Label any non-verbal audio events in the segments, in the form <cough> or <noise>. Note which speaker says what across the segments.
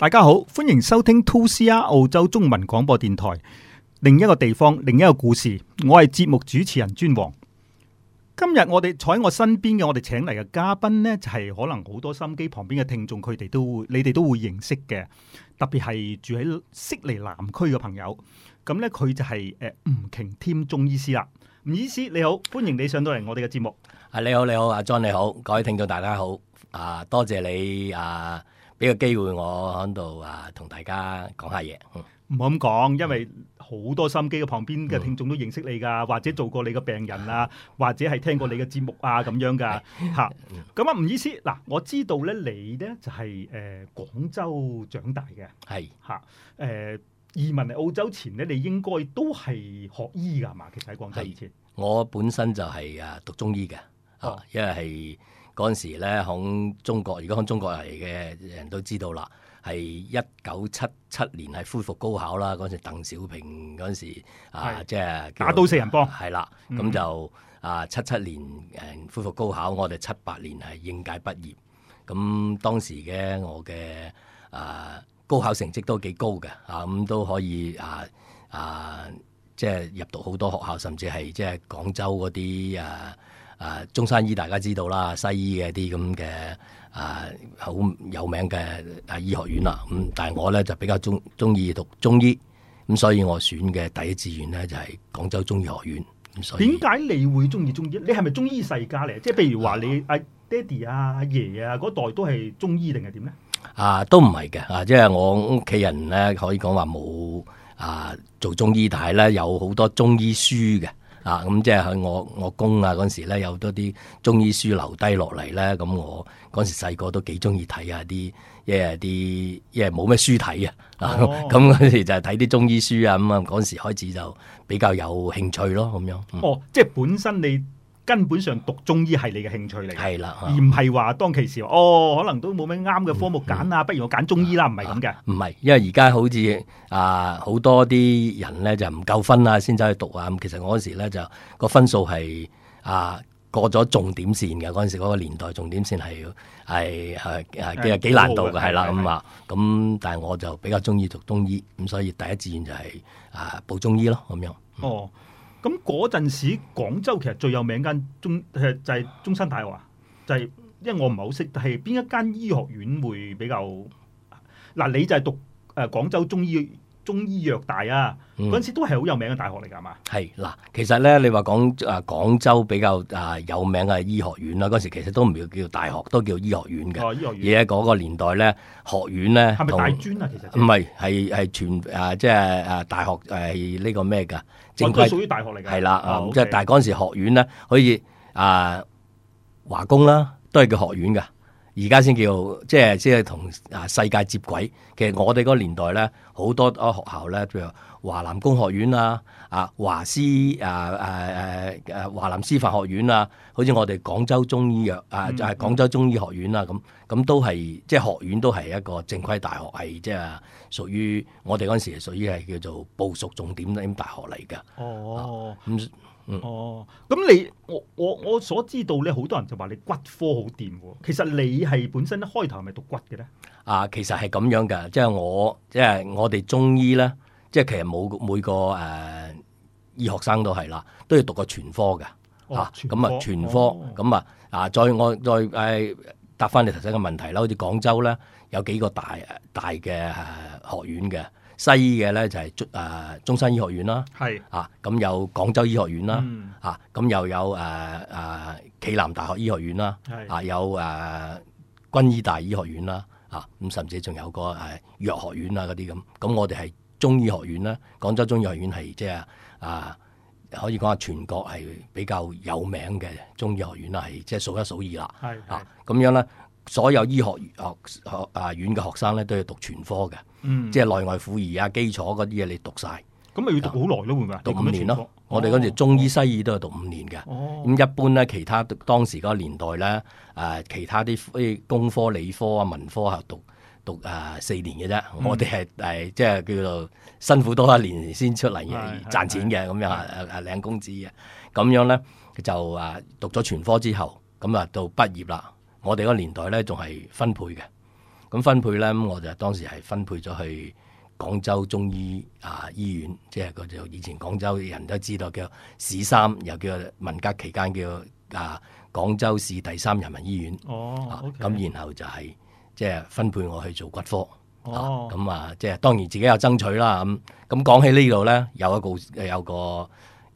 Speaker 1: 大家好，歡迎收聽 2CR 澳洲中文廣播電台，另一個地方，另一個故事。我係節目主持人尊王。今日我哋坐喺我身邊嘅，我哋請嚟嘅嘉賓呢，就係、是、可能好多心機旁邊嘅聽眾，佢哋都會，你哋都會認識嘅。特別係住喺悉尼南區嘅朋友，咁呢，佢就係、是、誒、呃、吳擎添中醫師啦。吳醫師你好，歡迎你上到嚟我哋嘅節目。啊你
Speaker 2: 好你好，阿 John 你好，各位聽眾大家好。啊多謝你啊。俾個機會
Speaker 1: 我喺度啊，同大家講下嘢。唔好咁講，因為好多心機嘅，旁邊嘅聽眾都認識你㗎，或者做過你嘅病人啊，嗯、或者係聽過你嘅節目啊咁樣㗎。嚇，咁啊，吳醫師，嗱、嗯啊啊，我知道咧，你咧就係、是、誒、呃、廣州長大嘅。係嚇是，誒、啊、移民嚟澳洲前咧，你應該都係學醫㗎，係嘛？其實喺廣州以前，是嗯、
Speaker 2: 我本身就係啊讀中醫嘅、啊，因為係。嗯嗰陣時咧，響中國，如果響中國嚟嘅人都知道啦，係一九七七年係恢復高考啦。嗰陣時，鄧小平嗰陣時是啊，即係打倒四人幫，係啦了，咁、嗯、就啊七七年誒恢復高考，我哋七八年係應屆畢業。咁當時嘅我嘅啊高考成績都幾高嘅啊，咁、嗯、都可以啊啊，即係入讀好多學校，甚至係即係廣州嗰啲啊。啊！中山醫大家知道啦，西醫嘅啲咁嘅啊好有名嘅醫學院啦。咁但係我咧就比較中中意讀中醫，咁所以我選嘅第一志
Speaker 1: 願咧就係
Speaker 2: 廣州中醫學院。咁
Speaker 1: 所以點解你會中意中醫？你係咪中醫世家嚟？即係譬如話你阿爹哋啊、阿爺爺啊嗰代都係中醫定係點咧？
Speaker 2: 啊，都唔係嘅啊！即係我屋企人咧，可以講話冇啊做中醫，但係咧有好多中醫書嘅。啊，咁、嗯、即係我我公啊嗰時咧，有多啲中醫書留低落嚟咧，咁我嗰時細個都幾中意睇啊啲，即係啲即係冇咩書睇、哦、啊，咁嗰時就睇啲中醫書啊，咁啊嗰時開始就比較有興趣咯，咁、嗯、樣。
Speaker 1: 哦，即係本身你。根本上讀中醫係你嘅興趣嚟嘅，係啦，而唔係話當其時哦，可能都冇咩啱嘅科目揀啊，不如我揀中醫啦，唔係咁嘅。
Speaker 2: 唔係，因為而家好似啊好多啲人咧就唔夠分啊，先走去讀啊。咁其實我嗰時咧就個分數係啊過咗重點線嘅，嗰陣時嗰個年代重點線係係係係幾幾難度嘅，係啦咁啊。咁但係我就比較中意讀中醫，咁所以第一志願就係啊報中醫咯咁
Speaker 1: 樣。哦。咁嗰陣時，廣州其實最有名間中，就係、是、中山大學啊，就係、是、因為我唔係好識，係邊一間醫學院會比較嗱、呃？你就係讀誒廣州中醫中醫藥大啊？嗰陣時都係好有名嘅大學嚟㗎嘛？
Speaker 2: 係嗱，其實咧，你話講誒廣州比較誒有名嘅醫學院啦，嗰時其實都唔叫叫大學，都叫醫學院嘅。哦，醫學院。而且嗰個年代咧，學院咧，係咪大專啊？其實唔、就、係、是，係係全誒，即係誒大學誒呢、呃這個咩㗎？正規係啦，即係大嗰陣對了、oh, okay，時候學院呢，可以、呃、華啊華工啦，都係叫學院㗎。而家先叫即係即係同啊世界接軌，其實我哋嗰個年代咧，好多學校咧，譬如華南工學院啦、啊華師啊啊啊啊華南師範學院啦，好似我哋廣州中醫藥啊，就係、嗯嗯啊啊、廣州中醫學院啦，咁咁都係即係學院都係一個正規大學，係即係屬於我哋嗰陣時係屬於係叫做部屬重點大學嚟
Speaker 1: 㗎。哦，咁、啊。哦，咁、嗯、你我我我所知道咧，好多人就話你骨科好掂喎。其實你係本身一開頭係咪讀骨嘅咧？
Speaker 2: 啊，其實係咁樣嘅，即係我即係我哋中醫咧，即係其實冇每，每個誒、呃、醫學生都係啦，都要讀個全科嘅
Speaker 1: 吓。咁、哦、啊全科，
Speaker 2: 咁、哦、啊啊再我再誒答翻你頭先嘅問題啦。好似廣州咧，有幾個大大嘅誒學院嘅。西醫嘅咧就係中中山醫學院啦，係是啊，咁有廣州醫學院啦，嗯、啊咁又有誒誒暨南大學醫學院啦，是啊有誒、呃、軍醫大醫學院啦，啊咁甚至仲有個誒、啊、藥學院啊嗰啲咁，咁我哋係中醫學院啦，廣州中醫學院係即係啊可以講下全國係比較有名嘅中醫學院啦，係即係數一數二啦，係是是啊咁樣咧。所有醫學學學啊院嘅學生咧，都要讀全科嘅，嗯、即係內外婦兒啊、基礎嗰啲嘢，你讀晒。
Speaker 1: 咁咪、嗯、就要讀好耐咯，會唔會？讀五年咯。我哋嗰
Speaker 2: 陣中醫西醫都係讀五年嘅。咁、哦嗯、一般咧、呃，其他當時嗰個年代咧，誒其他啲啲工科、理科啊、文科係讀讀啊、呃、四年嘅啫。嗯、我哋係係即係叫做辛苦多一年先出嚟賺錢嘅，咁樣啊領工資嘅。咁樣咧、嗯、就啊讀咗全科之後，咁啊到畢業啦。我哋嗰年代呢，仲係分配嘅。咁分配呢，我就當時係分配咗去廣州中醫啊醫院，即係個就以前廣州人都知道叫市三，又叫文革期間叫啊廣州市第三人民醫院。
Speaker 1: 哦、oh, okay. 啊，咁
Speaker 2: 然後就係即係分配我去做骨科。咁、oh. 啊，啊，即係當然自己有爭取啦。咁咁講起呢度呢，有一個有個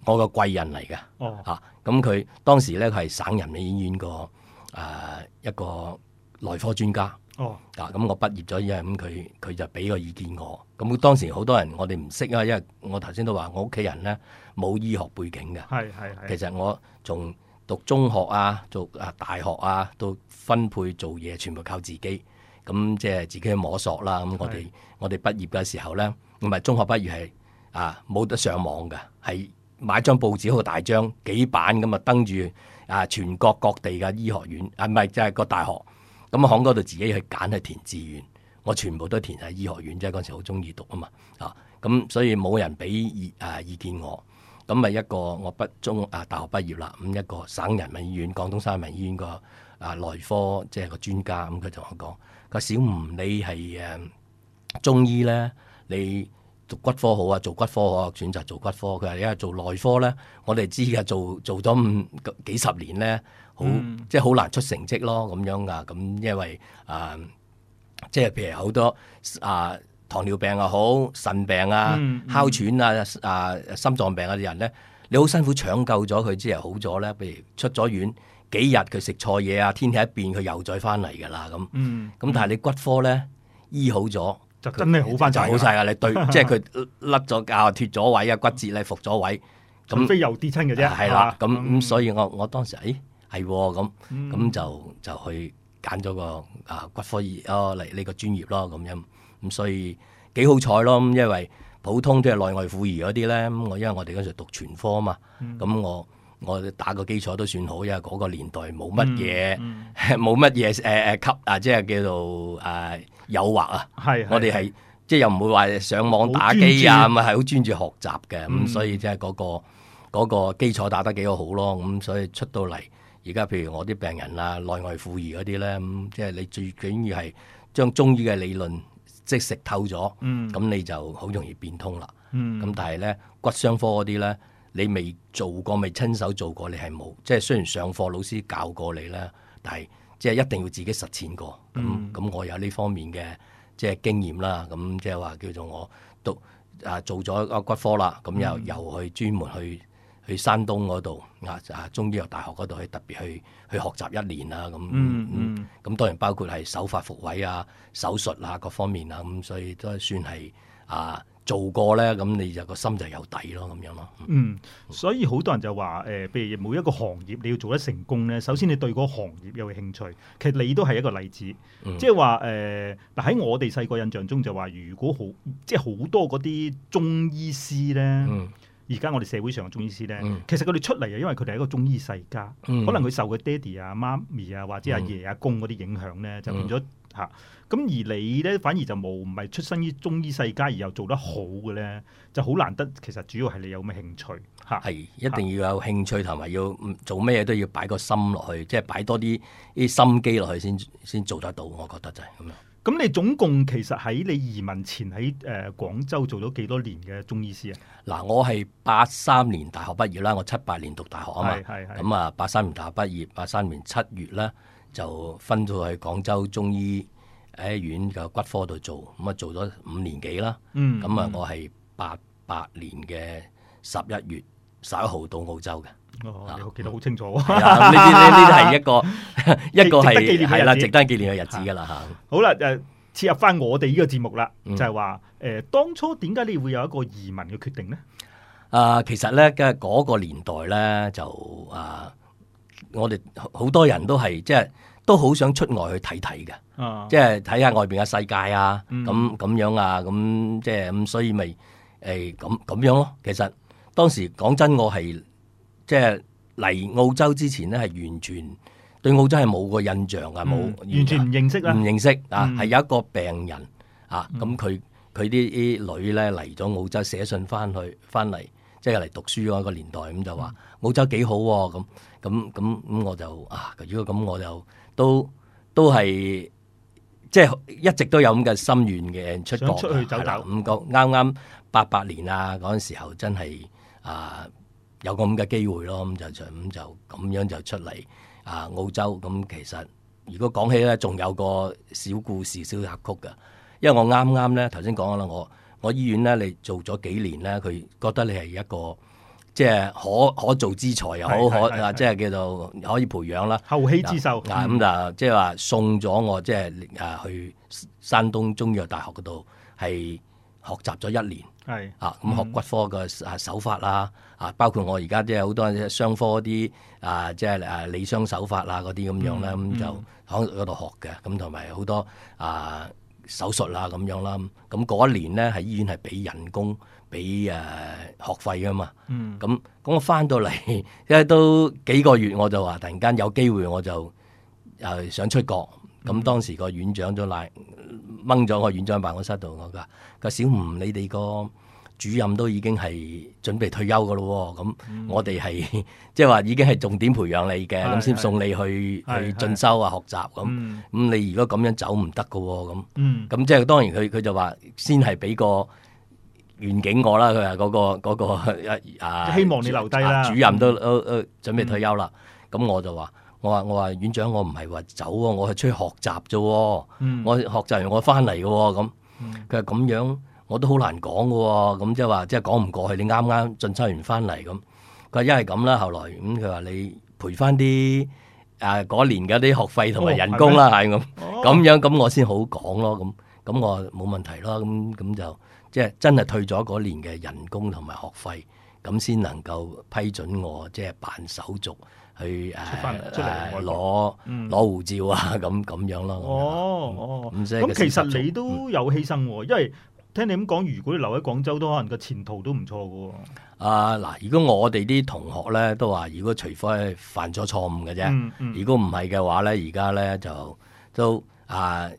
Speaker 2: 我個貴人嚟嘅。吓咁佢當時呢，佢係省人民醫院個。誒、呃、一個內科專家，哦、啊咁、嗯、我畢業咗，因為咁佢佢就俾個意見我。咁、嗯、當時好多人我哋唔識啊，因為我頭先都話我屋企人咧冇醫學背景嘅。係係。其實我從讀中學啊，讀啊大學啊，到分配做嘢，全部靠自己。咁、嗯、即係自己去摸索啦。咁、嗯、我哋是我哋畢業嘅時候咧，唔係中學畢業係啊冇得上網㗎，係買張報紙好大張幾版咁啊登住。啊，全國各地嘅醫學院，啊唔係即係個大學，咁喺嗰度自己去揀去填志願，我全部都填喺醫學院，即係嗰時好鍾意讀啊嘛。啊，咁、嗯、所以冇人俾意啊意見我，咁、嗯、咪一個我畢中啊大學畢業啦，咁、嗯、一個省人民醫院廣東省人民醫院個啊內科即係個專家，咁佢同我講，佢，小吳你係誒、啊、中醫咧，你。做骨科好啊，做骨科好啊，選擇做骨科。佢話你做內科呢，我哋知噶，做做咗咁幾十年呢，好、嗯、即係好難出成績咯，咁樣噶。咁因為啊、呃，即係譬如好多啊、呃、糖尿病又好，腎病啊、哮喘、嗯嗯、啊、啊心臟病啲人呢，你好辛苦搶救咗佢之後好咗呢。譬如出咗院幾日佢食錯嘢啊，天氣一變佢又再翻嚟噶啦咁。咁、嗯嗯嗯、但係你骨科呢，醫好咗。
Speaker 1: 就真係好翻就，就好晒啊！你對，即係佢
Speaker 2: 甩咗架、脫咗位，位啊，啊、嗯、啊、啊、骨折咧、復咗位咁，非又跌親嘅啫，係啦。咁咁，所以我我當時誒係咁，咁就就去揀咗個啊骨科醫哦嚟呢個專業咯，咁樣咁所以幾好彩咯。因為普通都係內外婦兒嗰啲咧，咁我因為我哋嗰時讀全科嘛，咁我、嗯。我哋打個基礎都算好，因為嗰個年代冇乜嘢，冇乜嘢誒誒吸啊，即係叫做誒誘惑啊。係，我哋係即係又唔會話上網打機啊，咁係好專注學習嘅。咁所以即係嗰個嗰個基礎打得幾好好咯。咁所以出到嚟，而家譬如我啲病人啊，內外婦兒嗰啲咧，咁即係你最緊要係將中醫嘅理論即食透咗，咁你就好容易變通啦。咁但係咧骨傷科嗰啲咧。你未做過，未親手做過，你係冇。即係雖然上課老師教過你啦，但係即係一定要自己實踐過。咁咁、嗯，我有呢方面嘅即係經驗啦。咁即係話叫做我都啊做咗個骨科啦。咁又又去專門去去山東嗰度啊，啊中醫藥大學嗰度去特別去去學習一年啊咁、嗯。嗯咁、嗯、當然包括係手法復位啊、手術啊各方面啊。咁所以都算係啊。做過咧，咁你就個心就有底咯，咁樣咯。嗯，
Speaker 1: 嗯所以好多人就話，誒、呃，譬如每一個行業你要做得成功咧，首先你對個行業有興趣。其實你都係一個例子，即係話誒，喺、呃、我哋細個印象中就話，如果好即係好多嗰啲中醫師咧，而家、嗯、我哋社會上嘅中醫師咧，嗯、其實佢哋出嚟啊，因為佢哋係一個中醫世家，嗯、可能佢受佢爹哋啊、媽咪啊或者阿爺阿公嗰啲影響咧，就變咗。嚇！咁、啊、而你咧，反而就冇唔係出身於中醫世家，而又做得好嘅咧，就好難得。其實主要係你有咩興趣嚇，係、啊、一定
Speaker 2: 要有興趣同埋要做咩嘢都要擺個心落去，即、就、係、是、擺
Speaker 1: 多啲啲心機落去先先做得到。我覺得就係咁樣。咁、嗯、你總共其實喺你移民前喺誒廣州做咗幾多年嘅中醫師啊？嗱，我係八
Speaker 2: 三年大學畢業啦，我七八年讀大學啊嘛。係咁啊，八三年大學畢業，八三年七、嗯啊、月啦。就分到去廣州中醫喺院嘅骨科度做，咁啊做咗五年幾啦。咁啊，我係八八年嘅十一月十一號到澳洲嘅。哦，你記得好清楚。呢啲呢啲係一個一個係係啦，值得紀念嘅日子噶啦吓。
Speaker 1: 好啦，誒，切入翻我哋呢個節目啦，就係話誒，當初點解你會有一個移民嘅決定咧？
Speaker 2: 啊，其實咧嘅嗰個年代咧就啊。我哋好多人都係即係都好想出外去睇睇嘅，啊、即係睇下外邊嘅世界啊，咁咁、嗯、樣啊，咁即係咁，所以咪誒咁咁樣咯、啊。其實當時講真我，我係即係嚟澳洲之前咧，係完全對澳洲係冇個印象噶，冇、嗯、完全唔認識啦，唔認識啊，係有一個病人、嗯、啊，咁佢佢啲啲女咧嚟咗澳洲寫信翻去翻嚟。即係嚟讀書嗰個年代，咁就話澳洲幾好喎、哦，咁咁咁咁，我就啊，如果咁我就都都係即係一直都有咁嘅心願嘅出國，係啦走走，咁個啱啱八八年啊嗰陣時候真，真係啊有咁嘅機會咯，咁、嗯、就、嗯、就咁就咁樣就出嚟啊澳洲。咁、嗯、其實如果講起咧，仲有個小故事、小插曲嘅，因為我啱啱咧頭先講啦，我。我醫院咧，你做咗幾年咧，佢覺得你係一個即係、就是、可可造之才又好，可啊即係叫做可以培養啦。後起之秀。咁 Yep.、啊啊、就即係話送咗我即係啊去山東中藥大學嗰度係學習咗一年。係是啊，咁、嗯、學骨科嘅啊手法啦，啊，啊包括我而家即係好多傷科啲啊即係啊理傷手法啦嗰啲咁樣啦。咁就喺嗰度學嘅。咁同埋好多啊。啊就是手術啦咁樣啦，咁嗰一年呢，係醫院係俾人工、俾誒、啊、學費啊嘛。嗯。咁咁我翻到嚟，因為都幾個月我就話突然間有機會我就誒、啊、想出國。咁當時個院長都賴掹咗我院長辦公室度我㗎。佢，小吳，你哋個主任都已經係準備退休嘅咯，咁我哋係即係話已經係重點培養你嘅，咁先送你去去進修啊、學習咁。咁你如果咁樣走唔得嘅喎，咁咁即係當然佢佢就話先係俾個願景我啦。佢話嗰個嗰個啊，希望你留低啦。主任都都準備退休啦，咁我就話我話我話，院長我唔係話走，我係出去學習啫。我學習完我翻嚟嘅喎，咁佢話咁樣。我都好難講嘅，咁即係話，即係講唔過去。你啱啱進修完翻嚟咁，佢話因為咁啦。後來咁，佢話你賠翻啲誒嗰年嘅啲學費同埋人工啦，係咁咁樣。咁我先好講咯，咁咁我冇問題咯。咁咁就即係真係退咗嗰年嘅人工同埋學費，咁先能夠批准我即係辦手續去誒翻嚟我攞攞護照啊，咁咁樣咯。
Speaker 1: 哦哦，咁其實你都有犧牲，因為。聽你咁講，如果你留喺廣州，都可能個前途都唔錯噶。
Speaker 2: 啊嗱、呃，如果我哋啲同學咧都、嗯嗯、話，如果除非係犯咗錯誤嘅啫，如果唔係嘅話咧，而家咧就都啊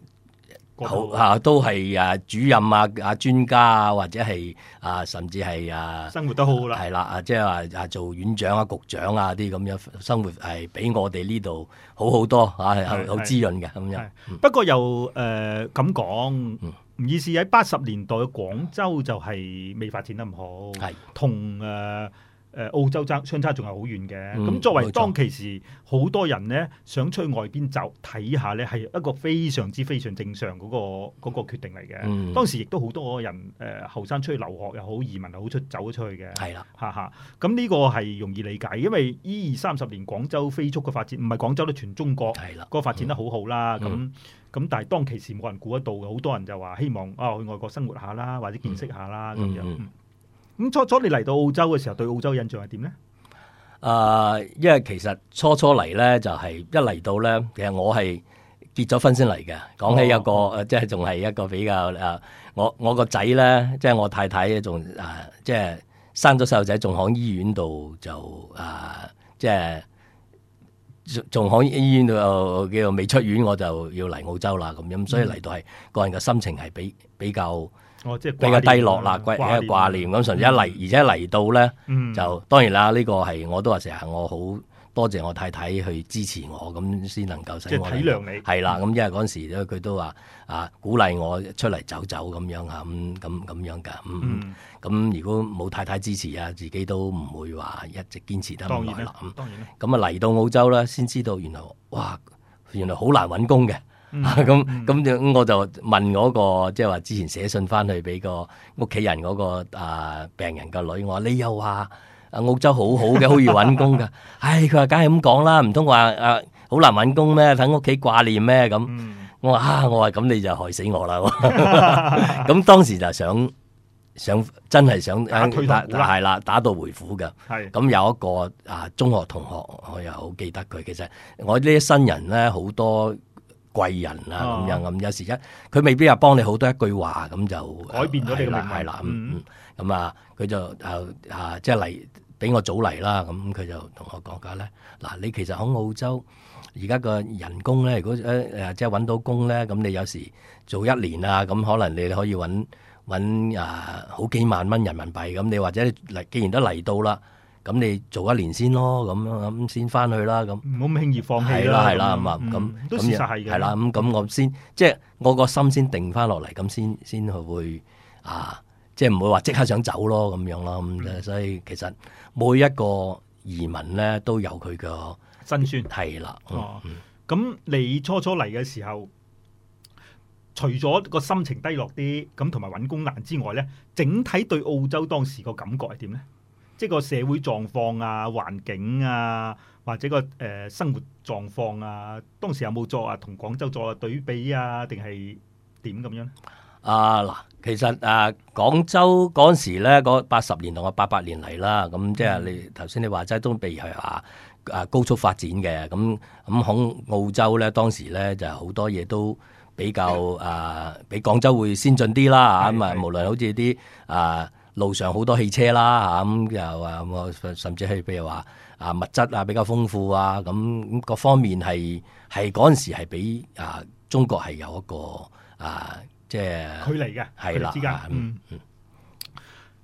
Speaker 2: 好啊，都係啊主任啊啊專家啊，或者係啊甚至係啊生活都好啦，係啦啊，即係話啊、就是、啊做院長啊局長啊啲咁、啊、樣生活係比我哋呢度好好多吓，係好、啊啊、滋潤嘅咁樣。
Speaker 1: 不過又誒咁講。唔意思喺八十年代嘅廣州就係未發展得咁好，同誒是。誒澳洲爭相差仲係好遠嘅，咁、嗯、作為當其時，好、嗯、多人咧想出去外邊走睇下咧，係一個非常之非常正常嗰、那個嗰、那個決定嚟嘅。嗯、當時亦都好多人誒後生出去留學又好，移民又好出走咗出去嘅。係啦、嗯，嚇嚇，咁、嗯、呢、這個係容易理解，因為依二三十年廣州飛速嘅發展，唔係廣州都全中國個發展得好好啦。咁咁、嗯，嗯、但係當其時冇人估得到嘅，好多人就話希望啊去外國生活下啦，或者見識下啦咁樣。嗯嗯嗯。咁初初你嚟到澳洲嘅時候，對澳洲嘅印象係點咧？
Speaker 2: 誒，uh, 因為其實初初嚟咧，就係、是、一嚟到咧，其實我係結咗婚先嚟嘅。講起有個、oh. 即係仲係一個比較誒，我我個仔咧，即係我太太仲誒、啊，即係生咗細路仔，仲響醫院度就誒、啊，即係仲仲響醫院度又叫未出院，我就要嚟澳洲啦。咁樣，所以嚟到係、mm. 個人嘅心情係比比較。
Speaker 1: 哦，即係比較低落啦，掛掛念咁，純一嚟，而
Speaker 2: 且嚟到咧，就當然啦，呢個係我都話成日，我好多謝我太太去支持我，咁先能夠使我體諒你係啦，咁因為嗰陣時咧，佢都話啊，鼓勵我出嚟走走咁樣啊，咁咁咁樣㗎。嗯，咁如果冇太太支持啊，自己都唔會話一直堅持得咁耐啦。當然咁啊嚟到澳洲啦，先知道原來哇，原來好難揾工嘅。咁咁就我就問嗰、那個即係話之前寫信翻去俾個屋企人嗰、那個啊、呃、病人個女，我話你又話啊澳洲好好嘅，好 <laughs> 易搵工嘅。唉、哎，佢話梗係咁講啦，唔通話啊好難搵、呃、工咩？等屋企掛念咩咁？嗯、我話啊，我話咁你就害死我啦！咁 <laughs> 當時就想想真係想係啦， <laughs> 打道回府嘅。係咁，是有一個啊中學同學，我又好記得佢。其實我呢一新人咧好多。貴人啊咁樣咁，有時一佢未必又幫你好多一句話咁、嗯、就改變咗你個命係啦，咁咁啊佢就啊即係嚟俾我早嚟啦，咁佢就同我講下咧，嗱，你其實響澳洲而家個人工咧，如果誒、呃、即係搵到工咧，咁你有時做一年啊咁、嗯、可能你可以搵搵啊好幾萬蚊人民幣，咁你或者嚟，既然都嚟到啦。咁你做一年先咯，咁咁先翻去啦，咁唔好咁輕易放棄啦，係啦係啦，咁、嗯、咁都事實係嘅，係啦咁咁我先即係我個心先定翻落嚟，咁先先去會啊，即係唔會話即刻想走咯，咁樣咯，咁、嗯、所以其實
Speaker 1: 每一個移民咧都有佢嘅辛酸，係啦，嗯、哦，咁你初初嚟嘅時候，除咗個心情低落啲，咁同埋搵工難之外咧，整體對澳洲當時個感覺係點咧？呢個社會狀況啊、環境啊、或者、這個誒、呃、生活狀況啊，當時有冇作啊同廣州作啊對比啊？定係點咁樣？啊
Speaker 2: 嗱、呃，其實、呃嗯、啊，廣州嗰陣時咧，八十年同我八八年嚟啦，咁即係你頭先你話齋都譬如話啊高速發展嘅，咁咁響澳洲咧，當時咧就好多嘢都比較啊、呃、比廣州會先進啲啦嚇，咁啊、嗯、無論好似啲啊。路上好多汽車啦嚇，咁又啊，甚至係譬如話啊物質啊比較豐富啊，咁各方面係係嗰陣時係比啊中國係有一個啊即係距離
Speaker 1: 嘅，係啦，之間、嗯嗯、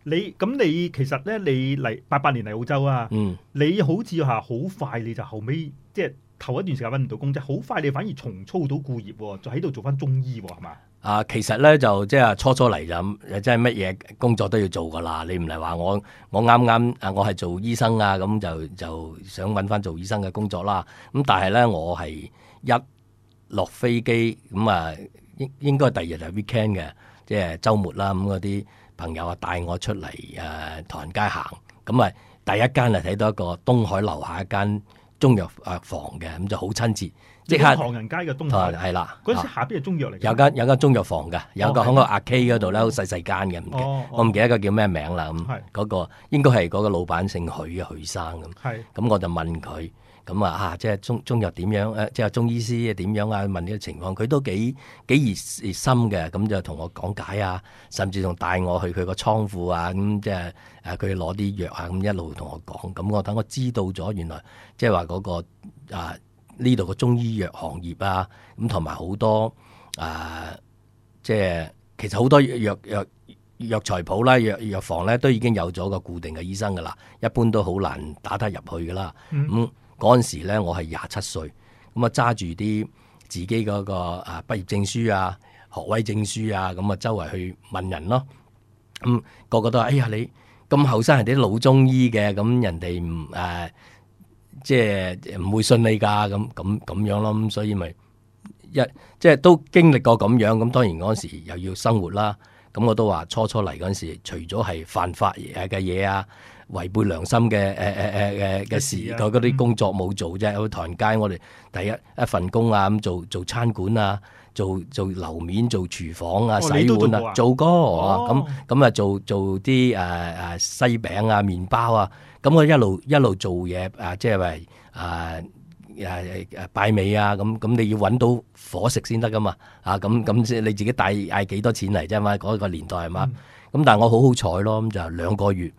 Speaker 1: 你咁你其實咧，你嚟八八年嚟澳洲啊，嗯，你好似話好快你就後尾即係頭一段時間揾唔到工，即好快你反而重操到故業喎，就喺度做翻中醫喎，係嘛？
Speaker 2: 啊，其實咧就即係初初嚟就，即係乜嘢工作都要做噶啦。你唔係話我，我啱啱啊，我係做醫生啊，咁、嗯、就就想揾翻做醫生嘅工作啦。咁但係咧，我係一落飛機咁啊，應應該第二日係 weekend 嘅，即係周末啦。咁嗰啲朋友啊，帶我出嚟誒唐人街行。咁、嗯、啊，第一間啊睇到一個東海樓下一間。中藥藥房嘅，咁就好親切，
Speaker 1: 即係唐人街嘅、啊、中藥係
Speaker 2: 啦。時下邊係中藥嚟。哦、有間有間中藥房嘅，有個喺個阿 K 嗰度咧，好細細間嘅，記哦哦、我唔記得個叫咩名啦咁。嗰、嗰個應該係嗰個老闆姓許啊，許是生咁。係，咁我就問佢。是嗯咁啊，啊，即係中中藥點樣？誒，即係中醫師點樣啊？問呢個情況，佢都幾幾熱熱心嘅，咁就同我講解啊，甚至仲帶我去佢個倉庫啊，咁、嗯、即係誒，佢攞啲藥啊，咁、嗯、一路同我講。咁我等我知道咗，原來即係話嗰個啊呢度個中醫藥行業啊，咁同埋好多誒、啊，即係其實好多藥藥藥材鋪啦、藥藥房咧，都已經有咗個固定嘅醫生噶啦，一般都好難打得入去噶啦，咁、嗯。嗯嗰陣時咧，我係廿七歲，咁啊揸住啲自己嗰個啊畢業證書啊、學位證書啊，咁啊周圍去問人咯。咁、那個個都話：哎呀，你咁後生，係啲老中醫嘅，咁人哋唔誒，即係唔會信你㗎。咁咁咁樣咯，咁所以咪一即係都經歷過咁樣。咁當然嗰陣時又要生活啦。咁我都話初初嚟嗰陣時，除咗係犯法嘅嘢啊，違背良心嘅誒誒誒誒嘅事，佢嗰啲工作冇做啫。去唐人街，我哋第一一份工啊，咁做做餐館啊，做做樓面、做廚房啊、洗碗啊，哦、做過。咁咁、那個哦、啊，做做啲誒誒西餅啊、麵包啊。咁我一路一路做嘢啊，即係為誒誒誒擺尾啊。咁、啊、咁、啊啊、你要揾到伙食先得噶嘛？啊咁咁先你自己大嗌幾多錢嚟啫嘛？嗰、那個年代係嘛？咁、嗯、但係我好好彩咯，咁就兩個月。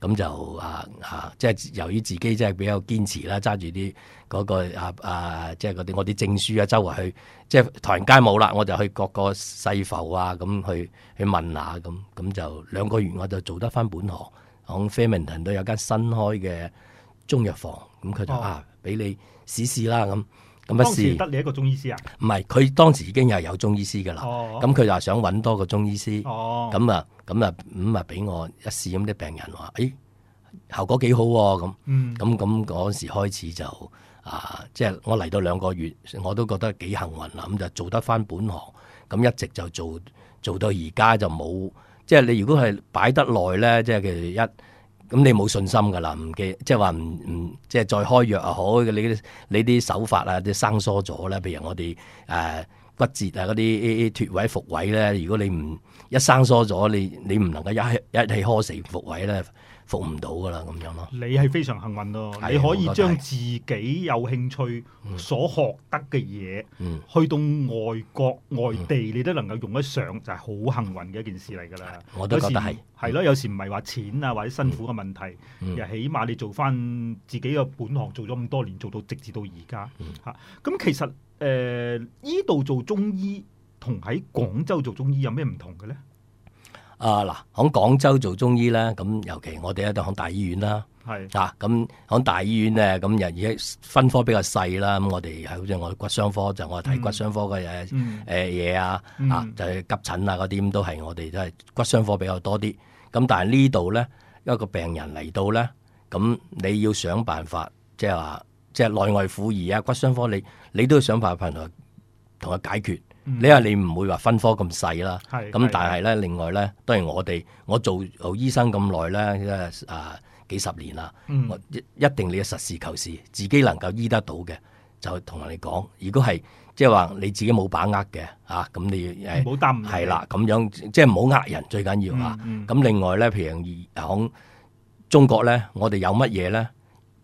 Speaker 2: 咁就啊啊，即係由於自己真係比較堅持啦，揸住啲嗰個啊啊，即係嗰啲我啲證書啊，周圍去即係唐人街冇啦，我就去各個細埠啊，咁、嗯、去去問下咁，咁就兩個月我就做得翻本行。響菲明頓都有間新開嘅中藥房，咁、嗯、佢就啊，俾你試試啦咁。嗯咁當時，得
Speaker 1: 你一個中醫師啊？
Speaker 2: 唔係，佢當時已經係有中醫師嘅啦。咁佢話想揾多個中醫師。咁啊、哦，咁啊，咁啊，俾我一試咁啲病人話，誒、哎、效果幾好喎、啊，咁，咁咁嗰時開始就啊，即係我嚟到兩個月，我都覺得幾幸運啦，咁就做得返本行，咁一直就做做到而家就冇。即係你如果係擺得耐咧，即係佢一。咁你冇信心噶啦，唔記，即係話唔唔，即係再開藥又好，你你啲手法啊，啲生疏咗啦。譬如我哋誒、呃、骨折啊，嗰啲脫位復位咧，如果你唔一生疏咗，你你唔能夠一一氣呵成復位咧。服唔到噶啦，咁樣
Speaker 1: 咯。你係非常幸運咯，你可以將自己有興趣所學得嘅嘢，嗯、去到外國外地，你都能夠用得上，嗯、就係好幸運嘅一件事嚟噶啦。我都覺得係係咯，有時唔係話錢啊，或者辛苦嘅問題，嗯嗯、又起碼你做翻自己嘅本行，做咗咁多年，做到直至到而家嚇。咁、嗯啊、其實誒呢度做中醫同喺廣州做中醫有咩唔同嘅咧？
Speaker 2: 啊嗱，喺廣州做中醫咧，咁尤其我哋喺度喺大醫院啦，係是啊咁喺大醫院咧，咁又而家分科比較細啦，咁我哋係好似我骨傷科就我哋睇骨傷科嘅誒誒嘢啊，啊就係、是、急診啊嗰啲咁都係我哋都係骨傷科比較多啲。咁但係呢度咧一個病人嚟到咧，咁你要想辦法，即係話即係內外婦兒啊骨傷科你你都要想辦法同佢同佢解決。你話你唔會話分科咁細啦，咁是但係咧，的另外咧，當然我哋我做做醫生咁耐咧，誒、呃、啊幾十年啦，嗯、一定你要實事求是，自己能夠醫得到嘅就同人哋講。如果係即係話你自己冇把握嘅嚇，咁、啊、你誒冇擔誤係啦，咁樣即係唔好呃人最緊要嚇。咁、嗯啊、另外咧，譬如講中國咧，我哋有乜嘢咧？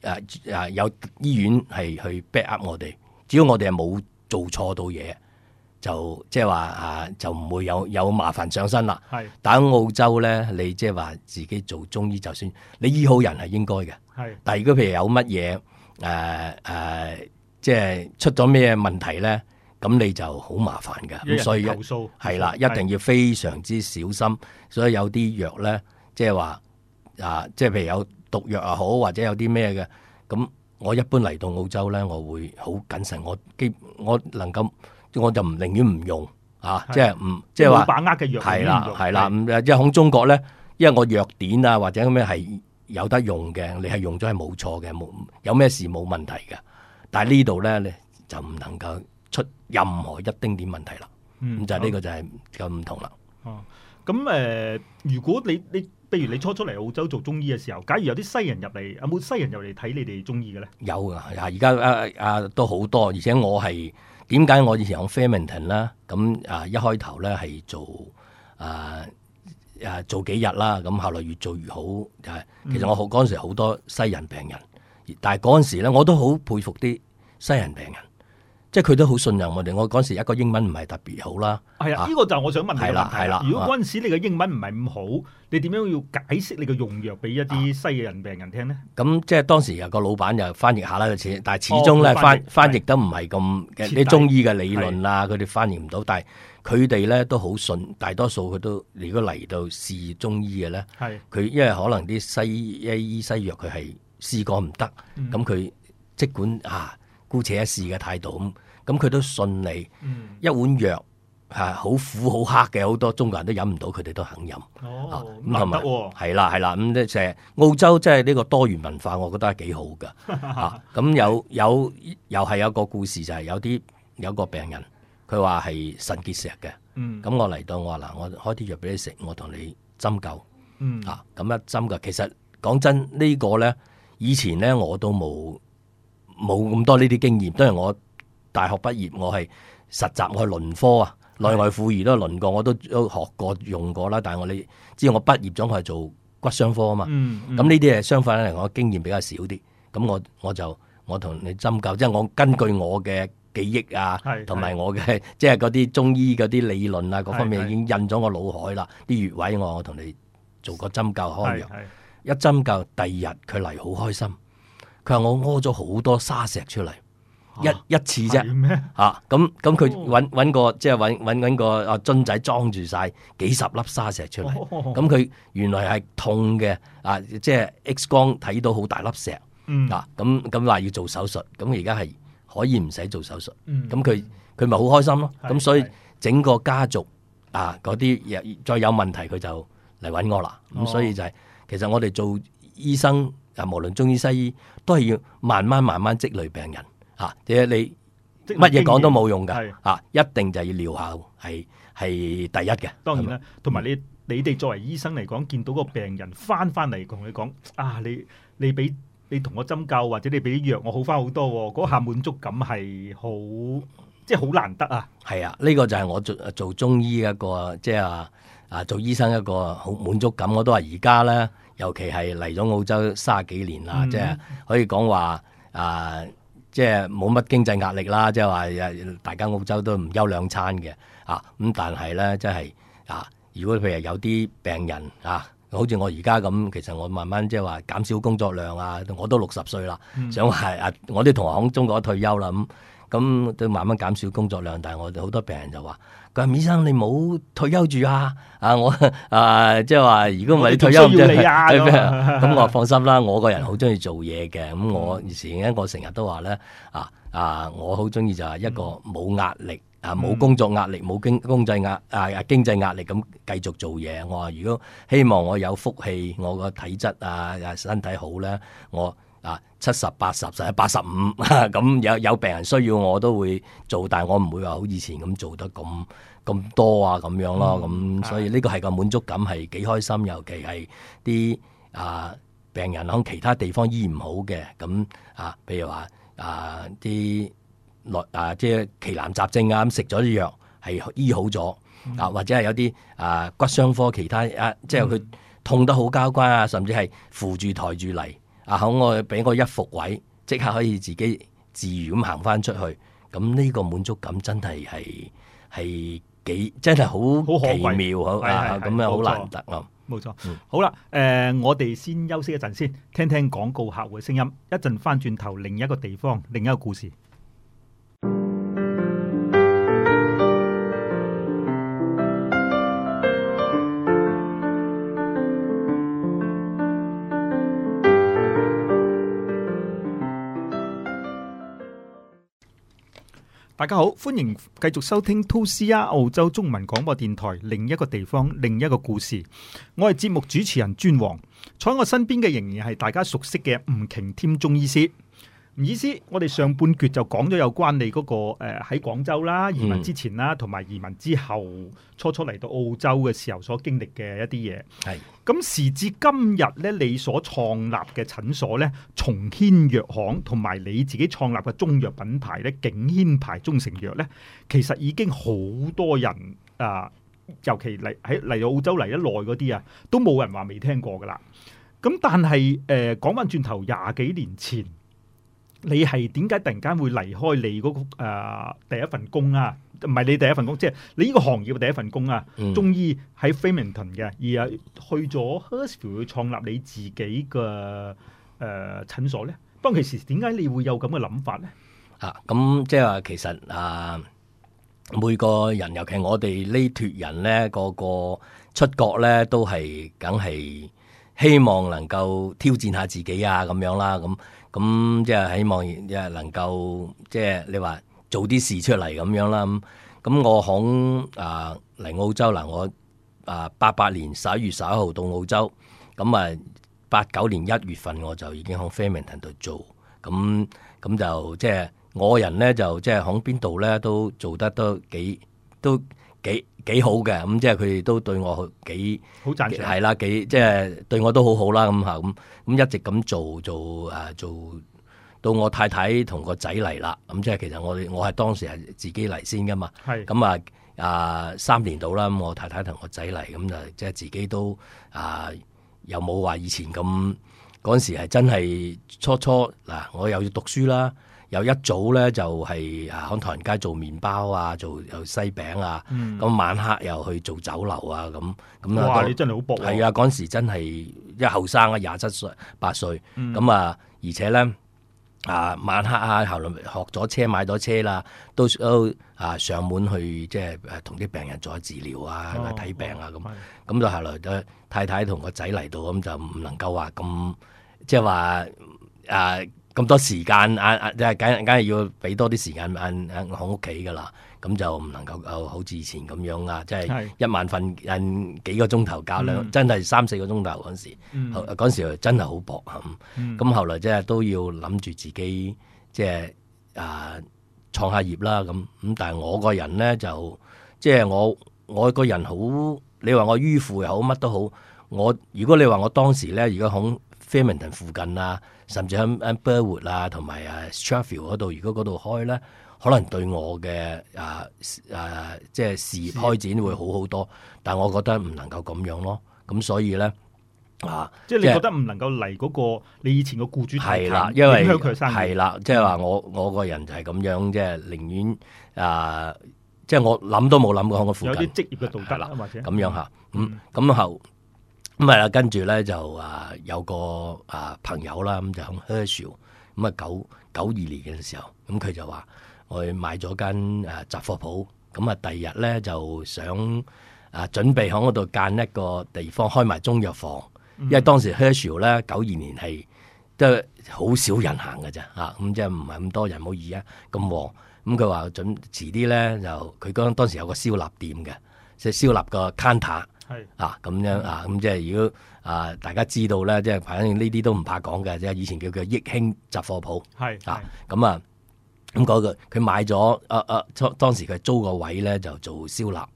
Speaker 2: 誒、啊、誒有醫院係去 back up 我哋，只要我哋係冇做錯到嘢。就即係話啊，就唔會有有麻煩上身啦。係但喺澳洲咧，你即係話自己做中醫，就算你醫好人係應該嘅。係但如果譬如有乜嘢誒誒，即係出咗咩問題咧，咁你就好麻煩噶。咁所以係啦，一定要非常之小心。所以有啲藥咧，即係話啊，即係譬如有毒藥又好，或者有啲咩嘅咁，我一般嚟到澳洲咧，我會好謹慎。我基我能夠。我就唔寧願唔用啊！冇把握嘅藥性即係唔即係話，係啦係啦。咁即係響中國咧，因為我弱典啊，或者咩係有得用嘅，你係用咗係冇錯嘅，冇有咩事冇問題嘅。但係呢度咧，你就唔能
Speaker 1: 夠出任何一丁點問題啦。咁就呢個就係咁唔同啦。咁誒、啊呃，如果你你，譬如你初初嚟澳洲做中醫嘅時候，假如有啲西人入嚟，有冇西人入嚟睇你哋中醫嘅咧？有
Speaker 2: 啊，而家啊啊都好多，而且我係。點解我以前用 Flemington 啦？咁啊，一開頭咧係做啊啊做幾日啦？咁、啊、後來越做越好。就係、嗯、其實我好陣時好多西人病人，但係陣時咧我都好佩服啲西人病人。即係佢都好信任我哋，我嗰時一個英文唔係特別好啦。
Speaker 1: 係啊，呢個就我想問你啦。係啦，如果嗰陣時你嘅英文唔係咁好，你點樣要解釋你嘅用藥俾一啲西人病人聽呢？
Speaker 2: 咁即係當時有個老闆又翻譯下啦，始但係始終咧翻翻譯得唔係咁啲中醫嘅理論啊，佢哋翻譯唔到。但係佢哋咧都好信，大多數佢都如果嚟到試中醫嘅咧，佢因為可能啲西醫西藥佢係試過唔得，咁佢即管啊。姑且一試嘅態度咁，咁佢都信你。一碗藥係好苦好黑嘅，好多中國人都飲唔到，佢哋都肯飲。哦、oh, 啊，難得喎。啦、啊，係啦。咁即係澳洲，即係呢個多元文化，我覺得係幾好㗎。啊，咁、嗯 <laughs> 嗯、有又有又係有個故事，就係、是、有啲有個病人，佢話係腎結石嘅、嗯啊。嗯。咁我嚟到，我話嗱，我開啲藥俾你食，我同你針灸。嗯。啊，咁一針灸，其實講真呢、這個咧、這個這個，以前咧我、這個這個、我都冇。冇咁多呢啲經驗，都係我大學畢業，我係實習，我係輪科啊，內外婦兒都輪過，我都都學過用過啦。但係我你知道我畢業咗，我係做骨傷科啊嘛。咁呢啲係相反嚟講，我經驗比較少啲。咁我我就我同你針灸，即係我根據我嘅記憶啊，同埋我嘅是即係嗰啲中醫嗰啲理論啊，各方面已經印咗我腦海啦。啲穴位我我同你做個針灸開藥，一針灸第二日佢嚟好開心。佢話我屙咗好多沙石出嚟，一一次啫，吓，咁咁佢揾揾個，即係揾揾個樽仔裝住晒幾十粒沙石出嚟，咁佢原來係痛嘅，啊即係 X 光睇到好大粒石，啊咁咁話要做手術，咁而家係可以唔使做手術，咁佢佢咪好開心咯，咁所以整個家族啊嗰啲再有問題佢就嚟揾我啦，咁所以就係，其實我哋做醫生。啊，無論中醫西醫，都係要慢慢慢慢積累病人，吓、啊，即係你乜嘢講都冇用噶，吓、啊，
Speaker 1: 一定就要療效係係第一嘅。當然啦，同埋你你哋作為醫生嚟講，見到個病人翻翻嚟同佢講啊，你你俾你同我針灸，或者你俾啲藥，我好翻好多，嗰下滿足感係好，即係好難得啊。
Speaker 2: 係啊，呢、呢個就係我做做中醫一個，即係啊啊做醫生一個好滿足感。我都話而家咧，尤其係嚟咗澳洲卅幾年啦、嗯呃，即係可以講話啊，即係冇乜經濟壓力啦，即係話大家澳洲都唔休兩餐嘅啊。咁、嗯、但係咧，即係啊，如果譬如有啲病人啊，好似我而家咁，其實我慢慢即係話減少工作量、嗯、啊，我都六十歲啦，想係啊，我啲同行中國退休啦咁。嗯咁都慢慢減少工作量，但係我哋好多病人就話，佢話，醫生你冇退休住啊？啊，我、嗯、啊，即係話，如果唔係你退休啫，咁我放心啦。我個人好中意做嘢嘅，咁我以前咧我成日都話咧，啊啊，我好中意就係一個冇壓力啊，冇工作壓力，冇經經濟壓啊經濟壓力，咁繼續做嘢。我話如果希望我有福氣，我個體質啊身體好咧，我。啊，七十八十，甚至八十五，咁有有病人需要我都會做，但係我唔會話好以前咁做得咁咁多啊咁樣咯。咁、嗯、所以呢個係個滿足感，係幾開心。尤其係啲啊病人喺其他地方醫唔好嘅，咁、嗯、啊，譬如話、呃呃、啊啲內啊即係疑難雜症啊，咁食咗啲藥係醫好咗、嗯、啊，或者係有啲啊、呃、骨傷科其他啊，即係佢痛得好交關啊，甚至係扶住抬住嚟。啊！我俾我一復位，即刻可以自己自如咁行返出去。咁呢個滿足感真係係係幾，真係好奇妙是是是啊！咁樣錯、嗯、好難得啊！
Speaker 1: 冇錯，好啦，誒，我哋先休息一陣先，聽聽廣告客戶嘅聲音。一陣返轉頭，另一個地方，另一個故事。大家好，歡迎繼續收聽 2CR 澳洲中文廣播電台另一個地方，另一個故事。我係節目主持人尊王，坐我身邊嘅仍然係大家熟悉嘅吳擎添中醫師。唔意思，我哋上半段就講咗有關你嗰、那個誒喺廣州啦，移民之前啦，同埋移民之後初初嚟到澳洲嘅時候所經歷嘅一啲嘢。係咁、嗯嗯、時至今日呢，你所創立嘅診所呢，松軒藥行，同埋你自己創立嘅中藥品牌呢，景軒牌中成藥呢，其實已經好多人啊、呃，尤其嚟喺嚟到澳洲嚟得耐嗰啲啊，都冇人話未聽過噶啦。咁、嗯、但係誒，講翻轉頭廿幾年前。你係點解突然間會離開你嗰、那個、呃、第一份工啊？唔係你第一份工，即係你呢個行業第一份工啊？中醫喺 Flemington 嘅，而係去咗 Hurstville 創立你自己嘅誒、呃、診所咧。當其時點解你會有咁嘅諗法咧？啊，咁即係話其實
Speaker 2: 啊，每個人尤其我哋呢脱人咧，個個出國咧都係梗係希望能夠挑戰下自己啊咁樣啦咁。嗯咁、嗯、即係希望即係能夠即係你話做啲事出嚟咁樣啦。咁、嗯嗯、我響啊嚟澳洲嗱、呃，我啊八八年十一月十一號到澳洲，咁、嗯、啊、嗯、八九年一月份我就已經響 Flemington 度做。咁、嗯、咁、嗯嗯、就即係我人咧就即係響邊度咧都做得都幾都幾幾好嘅，咁、嗯、即係佢哋都對我幾好讚賞。係啦，幾即係對我都好好啦，咁嚇咁咁一直咁做做誒、啊、做到我太太同個仔嚟啦，咁、嗯、即係其實我我係當時係自己嚟先噶嘛，係咁是、嗯、啊啊三年到啦，咁、嗯、我太太同個仔嚟，咁、嗯、就即係自己都啊又冇話以前咁嗰陣時係真係初初嗱、啊，我又要讀書啦。又一早咧就係喺唐人街做麵包啊，做西餅啊。咁、嗯嗯、晚黑又去做酒樓啊，咁咁、嗯、哇都啊。你真係好搏。係啊，嗰陣時真係一後生啊，廿七歲八歲。咁啊、嗯嗯嗯，而且咧啊，晚黑啊，後來學咗車、車，買咗車啦，都都啊，上門去即係誒同啲病人做治療啊、睇、哦、病啊咁。咁就後來咧，太太同個仔嚟到，咁就唔能夠話咁即係話啊。咁多時間啊啊，即係梗梗係要俾多啲時間喺喺屋企噶啦，咁、啊啊、就唔能夠好似以前咁樣、就是、啊，即係一晚瞓瞓幾個鐘頭覺，兩、嗯、真係三四個鐘頭嗰時，嗰時真係好薄。咁、嗯。咁、嗯啊、後來即係、嗯、都要諗住自己即係、就是、啊創下業啦。咁咁、嗯、但係我個人咧就即、是、係我我個人好，你話我迂腐又好乜都好。我如果你話我當時咧，如果喺 Flemington 附近啊。甚至喺 a 喺 Burwood 啊，同埋啊 Strathfield 嗰度，如果嗰度開咧，可能對我嘅啊啊，即、啊、係、就是、事業開展會好好多。的但係我覺得唔能夠咁樣咯。咁所以咧啊，
Speaker 1: 即係你覺得唔能夠嚟嗰個你以前個僱主係啦，因為係啦，即係
Speaker 2: 話我我個人就係咁樣，即係寧願啊，即、就、係、是、我諗都冇諗過喺個附近有啲職
Speaker 1: 業嘅道德啊，或者咁樣嚇。嗯，
Speaker 2: 咁、嗯、後。咁啊、嗯，跟住咧就啊，有個啊朋友啦，咁、嗯、就喺 Hurstville 咁啊九九二年嘅時候，咁、嗯、佢就話：我買咗間誒雜貨鋪，咁啊、嗯、第二日咧就想啊準備喺嗰度間一個地方開埋中藥房，因為當時 Hurstville 咧九二年係都好少人行嘅咋，嚇、啊、咁、嗯、即係唔係咁多人，冇而家咁旺。咁佢話準遲啲咧就佢嗰陣當時有個燒臘店嘅，即係燒臘個 counter。啊，咁樣啊，咁即係如果啊，大家知道咧，即係反正呢啲都唔怕講嘅，即係以前叫佢益興雜貨鋪。係是啊，咁是啊，咁嗰，那個佢買咗啊啊，當時佢租個位咧就做燒臘，咁、啊、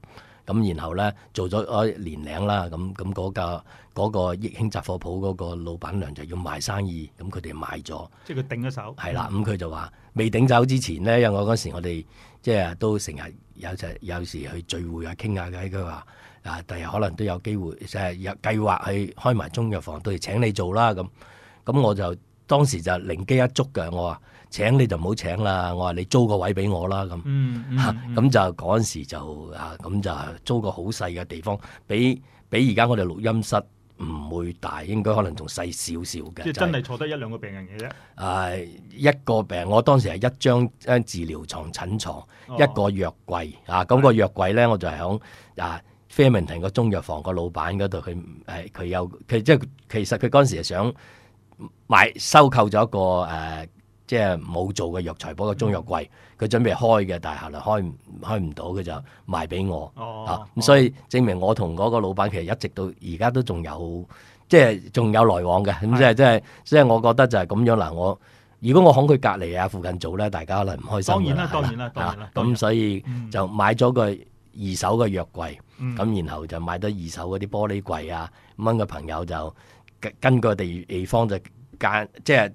Speaker 2: 然後咧做咗一年零啦，咁咁嗰個，那個益興雜貨鋪嗰個老闆娘就要賣生意，咁佢哋買咗，
Speaker 1: 即係佢頂咗手。係啦，咁佢、嗯
Speaker 2: 嗯、就話「未頂走之前咧，因為我嗰時我哋即係都成日有就有時去聚會啊，傾下偈。」佢話。啊！第日可能都有機會，即係有計劃去開埋中藥房，都係請你做啦咁。咁我就當時就靈機一觸嘅，我話請你就唔好請啦，我話你租個位俾我啦咁。咁就嗰陣時就啊，咁就租個好細嘅地方，比比而家我哋錄音室唔會大，應該可能仲細少少嘅。即係真係坐得一兩個病人嘅啫。啊！一個病，我當時係一張張治療床診床，一個藥櫃、哦、啊。咁、嗯、個藥櫃咧，我就係響啊。Fairmont 個中藥房個老闆嗰度，佢，誒佢有佢即係其實佢嗰陣時係想買收購咗一個誒即係冇做嘅藥材鋪嘅中藥櫃，佢準備開嘅，但係後來開開唔到，佢就賣俾我。哦，咁所以證明我同嗰個老闆其實一直到而家都仲有即係仲有來往嘅。咁即係即係，所以我覺得就係咁樣嗱。我如果我響佢隔籬啊附近做咧，大家可能唔開心。當然啦，當然啦，當然啦。咁所以就買咗個二手嘅藥櫃，咁然後就買咗二手嗰啲玻璃櫃啊，咁樣嘅朋友就根根據地地方就間，即係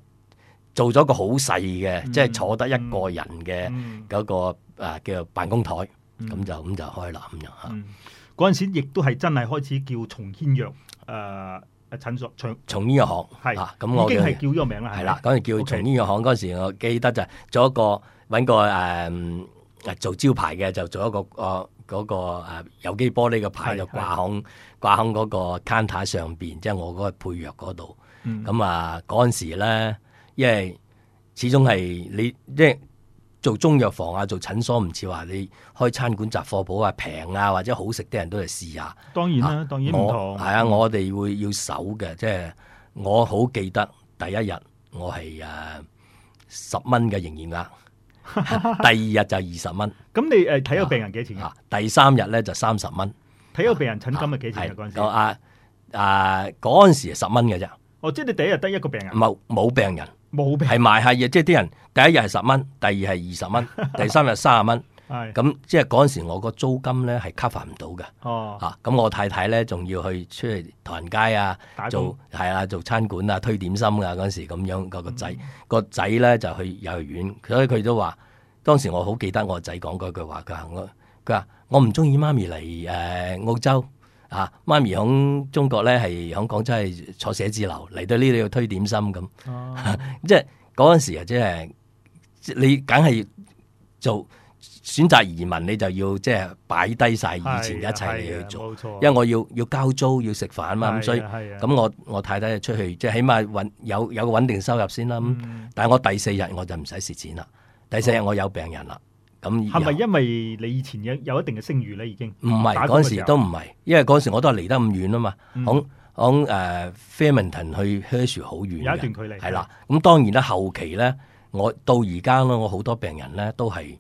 Speaker 2: 做咗個好細嘅，即係坐得一個人嘅嗰個叫做辦公台，咁就咁就開啦，咁樣嚇。嗰
Speaker 1: 陣時亦都係真係開始叫松軒藥誒誒診所松
Speaker 2: 松軒藥行，係咁我哋係叫呢個名啦，係啦，咁叫松軒藥行嗰陣時，我記得就做一個揾個誒做招牌嘅，就做一個個。嗰個有機玻璃嘅牌就掛空是是 掛空嗰個 counter 上邊，即、就、係、是、我嗰個配藥嗰度。咁、嗯、啊嗰陣時咧，因為始終係你即係、就是、做中藥房啊，做診所唔似話你開餐館店、雜貨鋪啊，平啊或者好食啲人都嚟試下
Speaker 1: 當。當然啦，當然唔同。係
Speaker 2: 啊，我哋、嗯啊、會要守嘅，即、就、係、是、我好記得第一日我係誒、啊、十蚊嘅營業額。 <laughs> 第二日就二十蚊，
Speaker 1: 咁你誒睇個病人幾錢，啊？
Speaker 2: 第三日咧就三十蚊，睇、啊、個病人診金係幾錢？嗰陣、啊啊啊、時，阿阿陣時十蚊嘅
Speaker 1: 咋？哦，即係你第一日得一個病人，
Speaker 2: 冇冇病人，冇係賣下嘢，係咪 <laughs> 即係啲人第一日係十蚊，第二係二十蚊， <laughs> 第三日三十蚊。係咁，即係嗰陣時，我個租金咧係 cover 唔到嘅。哦，嚇咁、啊，我太太咧仲要去出去唐人街啊，拼做係啊，做餐館啊，推點心啊。嗰陣時咁樣、嗰個、嗯、個仔個仔咧就去幼稚園，所以佢都話當時我好記得我個仔講過一句話噶。我佢話我唔中意媽咪嚟誒、呃、澳洲啊，媽咪響中國咧係響廣州係坐寫字樓嚟到呢度要推點心咁、哦。 <laughs> 即係嗰陣時啊，即係你梗係做。選擇移民，你就要即係擺低晒以前嘅一切嘢去做，因為我要要交租要食飯嘛。咁所以咁我我太太就出去即係起碼穩有有個穩定收入先啦。咁、嗯、但係我第四日我就唔使蝕錢啦。第四日我有病人啦。咁係咪
Speaker 1: 因為你以前有有一定嘅聲譽咧？已經唔係嗰時都唔係，
Speaker 2: 因為嗰時我都係離得咁遠啊嘛。我我誒 Fermenton 去 Hurstville 好遠，有一段距離。係啦，咁當然啦，後期咧，我到而家咧，我好多病人咧都係。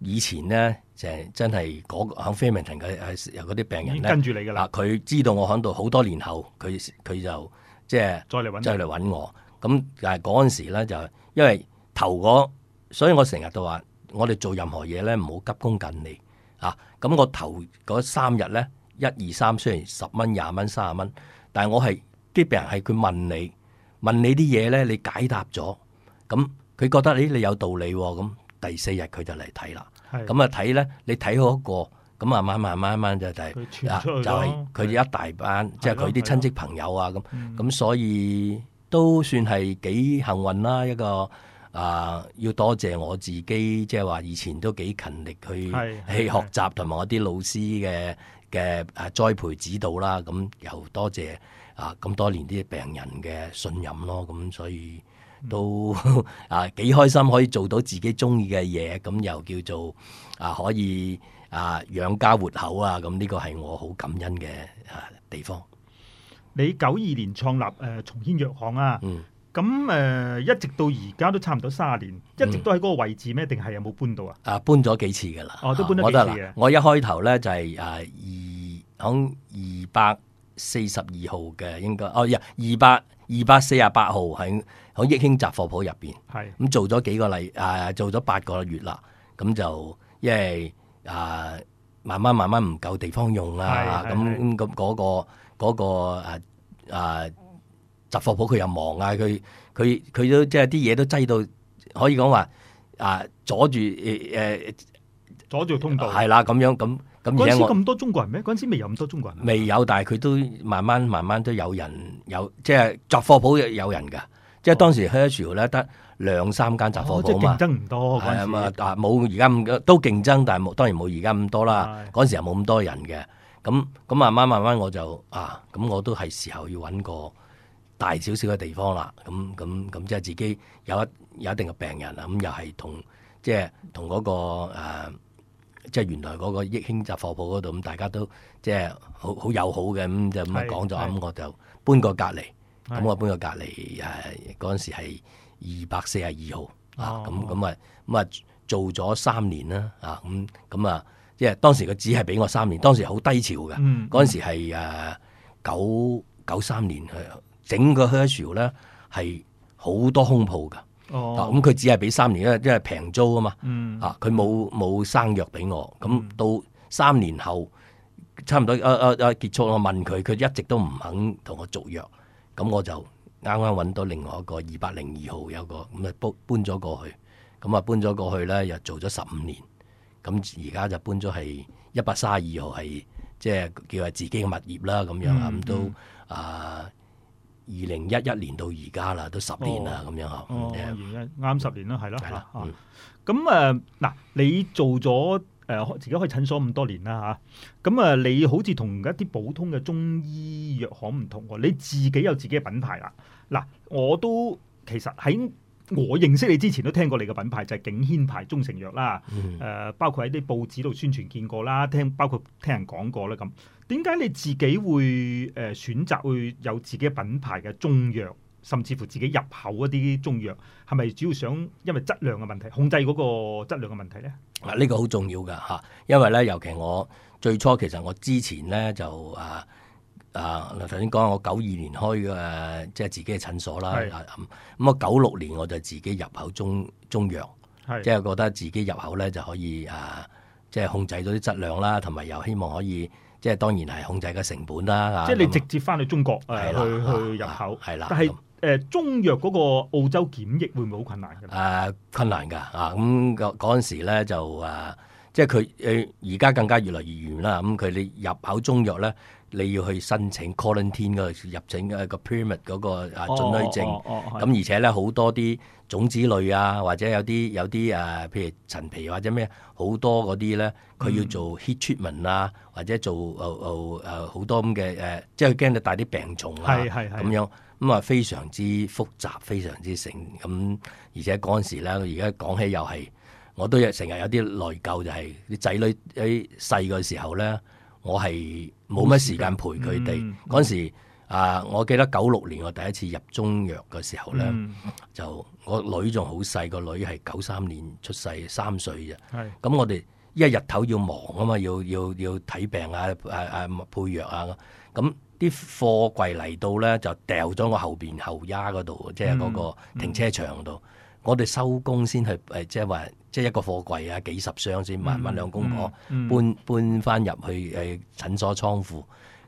Speaker 2: 以前呢，就真係嗰喺 Flemington 嘅，有嗰啲病人咧，跟住你㗎喇，佢、啊、知道我喺度好多年後，佢佢就即係再嚟再嚟揾我。咁但係嗰陣時咧就，因為頭嗰，所以我成日都話，我哋做任何嘢咧唔好急功近利啊。咁我頭嗰三日咧，一二三雖然十蚊、廿蚊、三十蚊，但係我係啲病人係佢問你問你啲嘢咧，你解答咗，咁佢覺得呢你有道理咁、哦，第四日佢就嚟睇啦。咁啊睇咧，你睇好一個，咁啊慢慢慢慢就睇、係，啊就係佢一大班，的即係佢啲親戚朋友啊咁，咁所以都算係幾幸運啦一個啊、呃！要多謝我自己，即係話以前都幾勤力去的去學習，同埋我啲老師嘅嘅誒栽培指導啦。咁又多謝啊咁、呃、多年啲病人嘅信任咯。咁所以。都啊幾開心可以做到自己中意嘅嘢，咁又叫做啊可以啊養家活口啊，咁呢個係我好感恩嘅
Speaker 1: 啊地方。你九二年創立誒、呃、松軒藥行啊，嗯，咁誒、呃、一直到而家都差唔多三十年，一直都喺嗰個位置咩？定係有冇搬到啊？啊，搬
Speaker 2: 咗幾次噶啦，我、啊、都搬咗幾次我，我一開頭咧就係啊二響二百四十二號嘅，應該哦，二百二百四十八號喺。我益興雜貨鋪入邊，係咁是、嗯、做咗幾個禮，啊、呃、做咗八個月啦，咁就因為啊、呃、慢慢慢慢唔夠地方用啊，咁咁嗰個嗰、那個誒誒雜貨鋪佢又忙啊，佢佢佢都即係啲嘢都擠到可以講話啊阻住誒誒阻住通道係啦，咁樣咁咁陣時咁
Speaker 1: 多中國人咩？嗰陣時未有咁多中國人、啊，
Speaker 2: 未有，但係佢都慢慢慢慢都有人有，即係雜貨鋪有人噶。即係當時 Hurstville 得兩三間雜貨鋪啊嘛，競爭唔
Speaker 1: 多。係啊嘛，
Speaker 2: 啊冇而家咁都競爭，但係冇是的 當，當然冇而家咁多啦。嗰陣時又冇咁多人嘅。咁咁慢慢慢慢我就啊，咁我都係時候要揾個大少少嘅地方啦。咁咁咁即係自己有一有一定嘅病人、就是那個、啊。咁又係同即係同嗰個即係原來嗰個益興雜貨鋪嗰度咁，大家都即係、就是、好好友好嘅咁就咁講咗，咁我就搬過隔離。咁我搬咗隔籬，誒，嗰陣時係二百四十二號，啊，咁咁啊，咁啊，做咗三年啦，啊，咁咁啊，即係當時佢只係俾我三年，當時好低潮嘅。嗰陣、嗯嗯、時係誒、啊、九九三年去，整個 h e r s c h e l Hurstville 咧係好多空鋪嘅，啊、
Speaker 1: 哦，咁佢
Speaker 2: 只係俾三年，因為因為平租啊嘛，嗯、啊，佢冇冇生約俾我，咁到三年後，差唔多誒誒誒，結束，我問佢，佢一直都唔肯同我續約。咁我就啱啱揾到另外一個二百零二號有個咁啊搬搬咗過去，咁啊搬咗過去咧又做咗十五年，咁而家就搬咗係一百三十二號係即係叫係自己嘅物業啦咁、嗯、樣啊咁都啊二零一一年到而家啦，都年十年啦咁
Speaker 1: 樣呵啱十年啦，係咯，係啦的，咁誒嗱你做咗。誒，自己開診所咁多年啦嚇，咁啊，你好似同一啲普通嘅中醫藥行唔同喎，你自己有自己嘅品牌啦。嗱、啊，我都其實喺我認識你之前都聽過你嘅品牌，就係、是、景軒牌中成藥啦。誒、啊，包括喺啲報紙度宣傳見過啦，聽包括聽人講過啦。咁、啊。點解你自己會誒、呃、選擇會有自己品牌嘅中藥，甚至乎自己入口嗰啲中藥，係咪主要想因為質量嘅問題，控制嗰個質量嘅問題咧？嗱，呢、啊這個好重
Speaker 2: 要噶嚇、啊，因為咧，尤其我最初其實我之前咧就啊啊，頭先講我九二年開嘅、啊、即係自己嘅診所啦，咁咁九六年我就自己入口中中藥，是即係覺得自己入口咧就可以啊，即係控制到啲質量啦，同埋又希望可以即係當然係控制嘅成本啦，啊、即係你直
Speaker 1: 接翻去中國、啊啊、去、啊、去入
Speaker 2: 口，係啦，但係。
Speaker 1: 誒中藥嗰個澳洲檢疫會唔會好困難
Speaker 2: 㗎？啊，困難㗎！啊，咁嗰嗰陣時咧就啊，即係佢誒而家更加越嚟越嚴啦。咁、嗯、佢你入口中藥咧，你要去申請 quarantine 嗰入證嘅、啊嗰個 permit 嗰、嗰個啊準許證。咁、哦哦哦、而且咧好多啲種子類啊，或者有啲有啲誒，譬如陳皮或者咩，好多嗰啲咧，佢要做 heat treatment 啊，嗯、或者做誒誒誒好多咁嘅誒，即係驚佢帶啲病蟲啊，係係係咁樣。咁啊，非常之複雜，非常之成。咁而且嗰陣時咧，而家講起又係，我都成日有啲內疚、就係，就係啲仔女喺細嘅時候咧，我係冇乜時間陪佢哋。嗰陣、嗯嗯、時啊，我記得九六年我第一次入中藥嘅時候咧，嗯、就我女仲好細，個女係九三年出世，三歲啫。咁是我哋因為日頭要忙啊嘛，要要要睇病啊，啊啊配藥啊，咁。啲貨櫃嚟到咧就掉咗我後邊後丫嗰度，嗯、即係嗰個停車場度。嗯、我哋收工先去誒，即係話即係一個貨櫃啊，幾十箱先問問兩公婆、嗯嗯、搬搬翻入去誒診所倉庫。嗯嗯、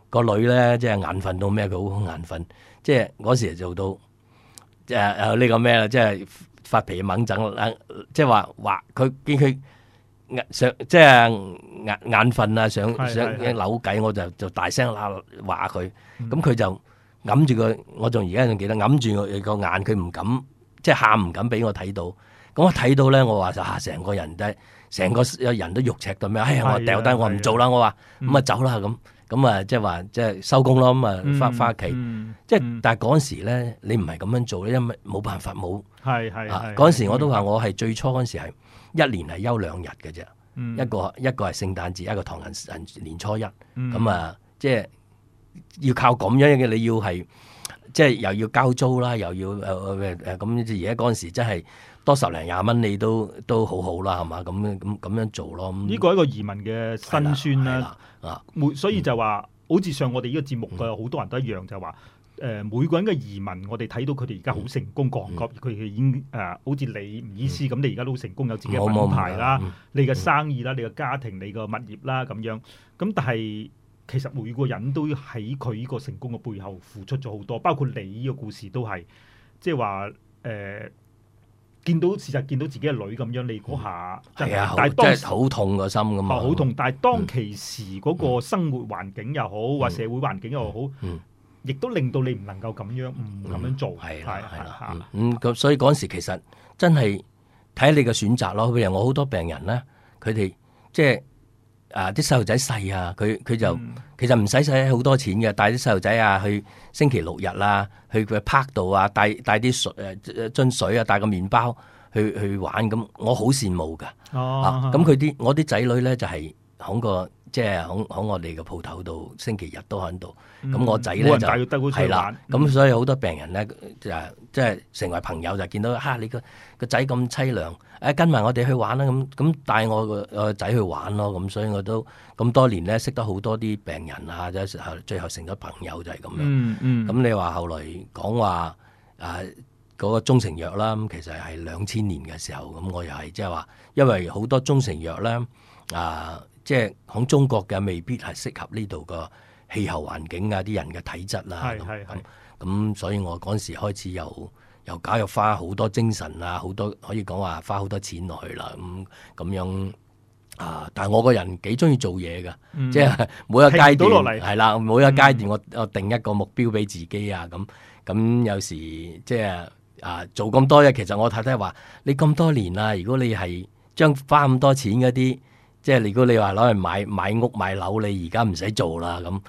Speaker 2: 個女咧即係眼瞓到咩？佢好眼瞓，即係嗰時就做到誒誒呢個咩啦，即係發脾猛，疹，即係話話佢見佢。想即係眼眼瞓啊，想想扭計，我就就大聲啦話佢，咁佢就揞住個，我仲而家仲記得揞住個眼，佢唔敢即係喊唔敢俾我睇到，咁我睇到咧，我話吓成個人都係成個人都肉赤咁樣，哎呀，我掉低，我唔做啦，我話咁啊走啦咁，咁啊即係話即係收工咯，咁啊翻翻屋企，即係但係嗰時咧，你唔係咁樣做咧，因為冇辦法冇，
Speaker 1: 嗰時我都話
Speaker 2: 我係最初嗰時係。一年係休兩日嘅啫，一個一個係聖誕節，一個唐人人年初一，咁、嗯、啊，即係要靠咁樣嘅，你要係即係又要交租啦，又要誒誒誒，咁而家嗰陣時真係多十零廿蚊，你都都好好啦，係嘛？咁咁咁樣
Speaker 1: 做咯，咁呢個係一個移民嘅辛酸啦，啊，所以就話，好似上我哋呢個節目嘅好多人都一樣，嗯、就話。誒每個人嘅移民，我哋睇到佢哋而家好成功，唔戈佢哋已經誒，好似你吳醫師咁，你而家都成功有自己嘅品牌啦，你嘅生意啦，你嘅家庭，你嘅物業啦咁樣。咁但係其實每個人都喺佢呢個成功嘅背後付出咗好多，包括你呢個故事都係即係話誒，見到事實，見到自己個女咁樣，你嗰下係啊，但係真係好
Speaker 2: 痛個心咁啊，好痛！
Speaker 1: 但係當其時嗰個生活環境又好，或社會環境又好。亦都令到你唔能夠咁樣咁樣做，係係啦，咁
Speaker 2: 咁、嗯嗯、所以嗰陣時其實真係睇你嘅選擇咯。譬如我好多病人啦，佢哋即係啊啲細路仔細啊，佢佢就、嗯、其實唔使使好多錢嘅，帶啲細路仔啊去星期六日啦、啊，去個 park 度啊，帶帶啲水誒樽水啊，帶個麵包去去玩咁，我好羨慕㗎。哦，咁佢啲我啲仔女咧就係響個。即係喺喺我哋嘅鋪頭度，星期日都喺度、嗯嗯。咁我仔咧就係啦。咁所以好多病人咧就即、係、係成為朋友，就見到嚇、哎、你個個仔咁凄涼，誒、哎、跟埋我哋去玩啦。咁咁帶我個仔去玩咯。咁所以我都咁多年咧，識得好多啲病人啊，最後成咗朋友就係咁樣。嗯咁、嗯、你話後來講話誒嗰、啊嗰個中成藥啦，咁其實係兩千年嘅時候，咁我又係即係話，因為好多中成藥咧誒。啊啊即係喺中國嘅未必係適合呢度個氣候環境啊，啲人嘅體質啊，咁咁，嗯、所以我嗰陣時開始又又假又花好多精神啊，好多可以講話花好多錢落去啦，咁、嗯、咁樣啊，但係我個人幾中意做嘢嘅，即係、嗯、每一個階段係啦，每一個階段我、嗯、我定一個目標俾自己啊，咁、嗯、咁、嗯、有時即係、就是、啊做咁多嘢，其實我太太話你咁多年啦，如果你係將花咁多錢嗰啲。即係如果你話攞嚟買買屋買樓，你而家唔使做啦咁。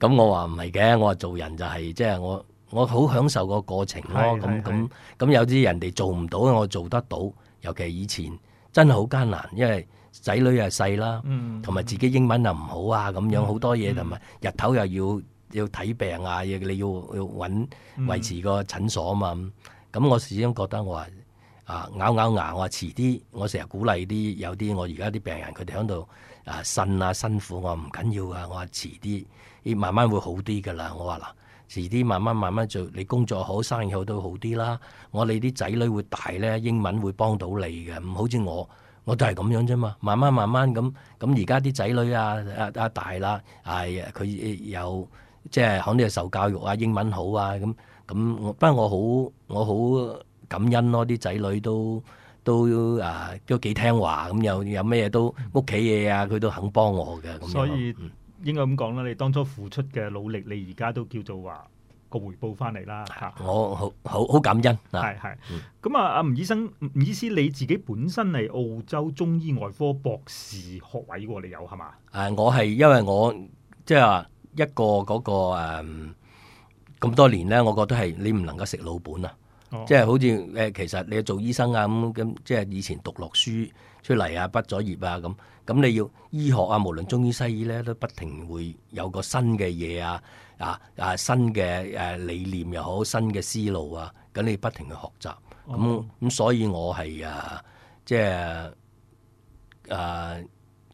Speaker 2: 咁我話唔係嘅，我話做人就係、是、即係我我好享受個過,過程咯。咁咁咁有啲人哋做唔到，我做得到。尤其係以前真係好艱難，因為仔女又細啦，同埋、嗯、自己英文又唔好啊，咁樣好多嘢同埋日頭又要要睇病啊，要,要你要要揾維持個診所啊嘛。咁我始終覺得我話。呃咬呃啊咬咬牙，我話遲啲，我成日鼓勵啲有啲我而家啲病人，佢哋喺度啊呻啊辛苦，我唔緊要噶，我話遲啲，慢慢會好啲噶啦。我話嗱，遲啲慢慢慢慢做，你工作好，生意好都會好啲啦。我你啲仔女會大咧，英文會幫到你嘅，唔好似我，我都係咁樣啫嘛。慢慢慢慢咁，咁而家啲仔女啊啊大啦，係佢又即係肯定係受教育啊，英文好啊咁咁。不過我，我好我好。感恩咯，啲仔女都都啊都幾聽話咁，又有咩嘢都屋企嘢啊，佢都肯幫我嘅
Speaker 1: 咁，所以、嗯、應該咁講啦，你當初付出嘅努力，你而家都叫做話個回報翻嚟啦。啊、我好
Speaker 2: 好好感恩，係
Speaker 1: 係咁啊！阿吳、嗯啊、醫生，吳醫師，你自己本身係澳洲中醫外科博士學位喎，你有係嘛？
Speaker 2: 誒、啊，我係因為我即係、話、一個嗰、嗰個誒咁、嗯、多年咧，我覺得係你唔能夠食老本啊。哦、即係好似誒、呃，其實你做醫生啊咁咁、嗯，即係以前讀落書出嚟啊，畢咗業啊咁，咁你要醫學啊，無論中醫西醫咧，都不停會有個新嘅嘢啊啊啊，新嘅誒、啊、理念又好，新嘅思路啊，咁你不停去學習。咁咁、哦，所以我係啊，即係啊。啊。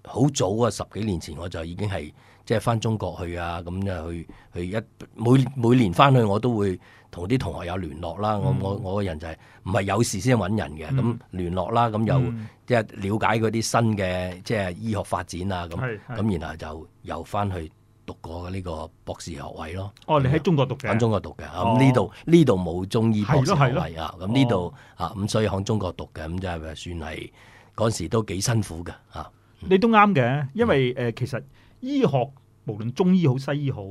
Speaker 2: 好早啊！十幾年前我就已經係即係翻中國去啊，咁就去去一每每年翻去，我都會同啲同學有聯絡啦。我我我個人就係唔係有事先揾人嘅，咁聯絡啦，咁又即係了解嗰啲新嘅即係醫學發展啊咁。咁然後就又翻去讀過呢個博士學位咯。哦，你喺中國讀嘅喺中國讀嘅，咁呢度呢度冇中醫博士學位啊！咁呢度啊咁所以喺中國讀嘅，咁即係算係嗰陣時都幾辛苦嘅啊！
Speaker 1: 你都啱嘅，因為誒其實醫學無論中醫好西醫好，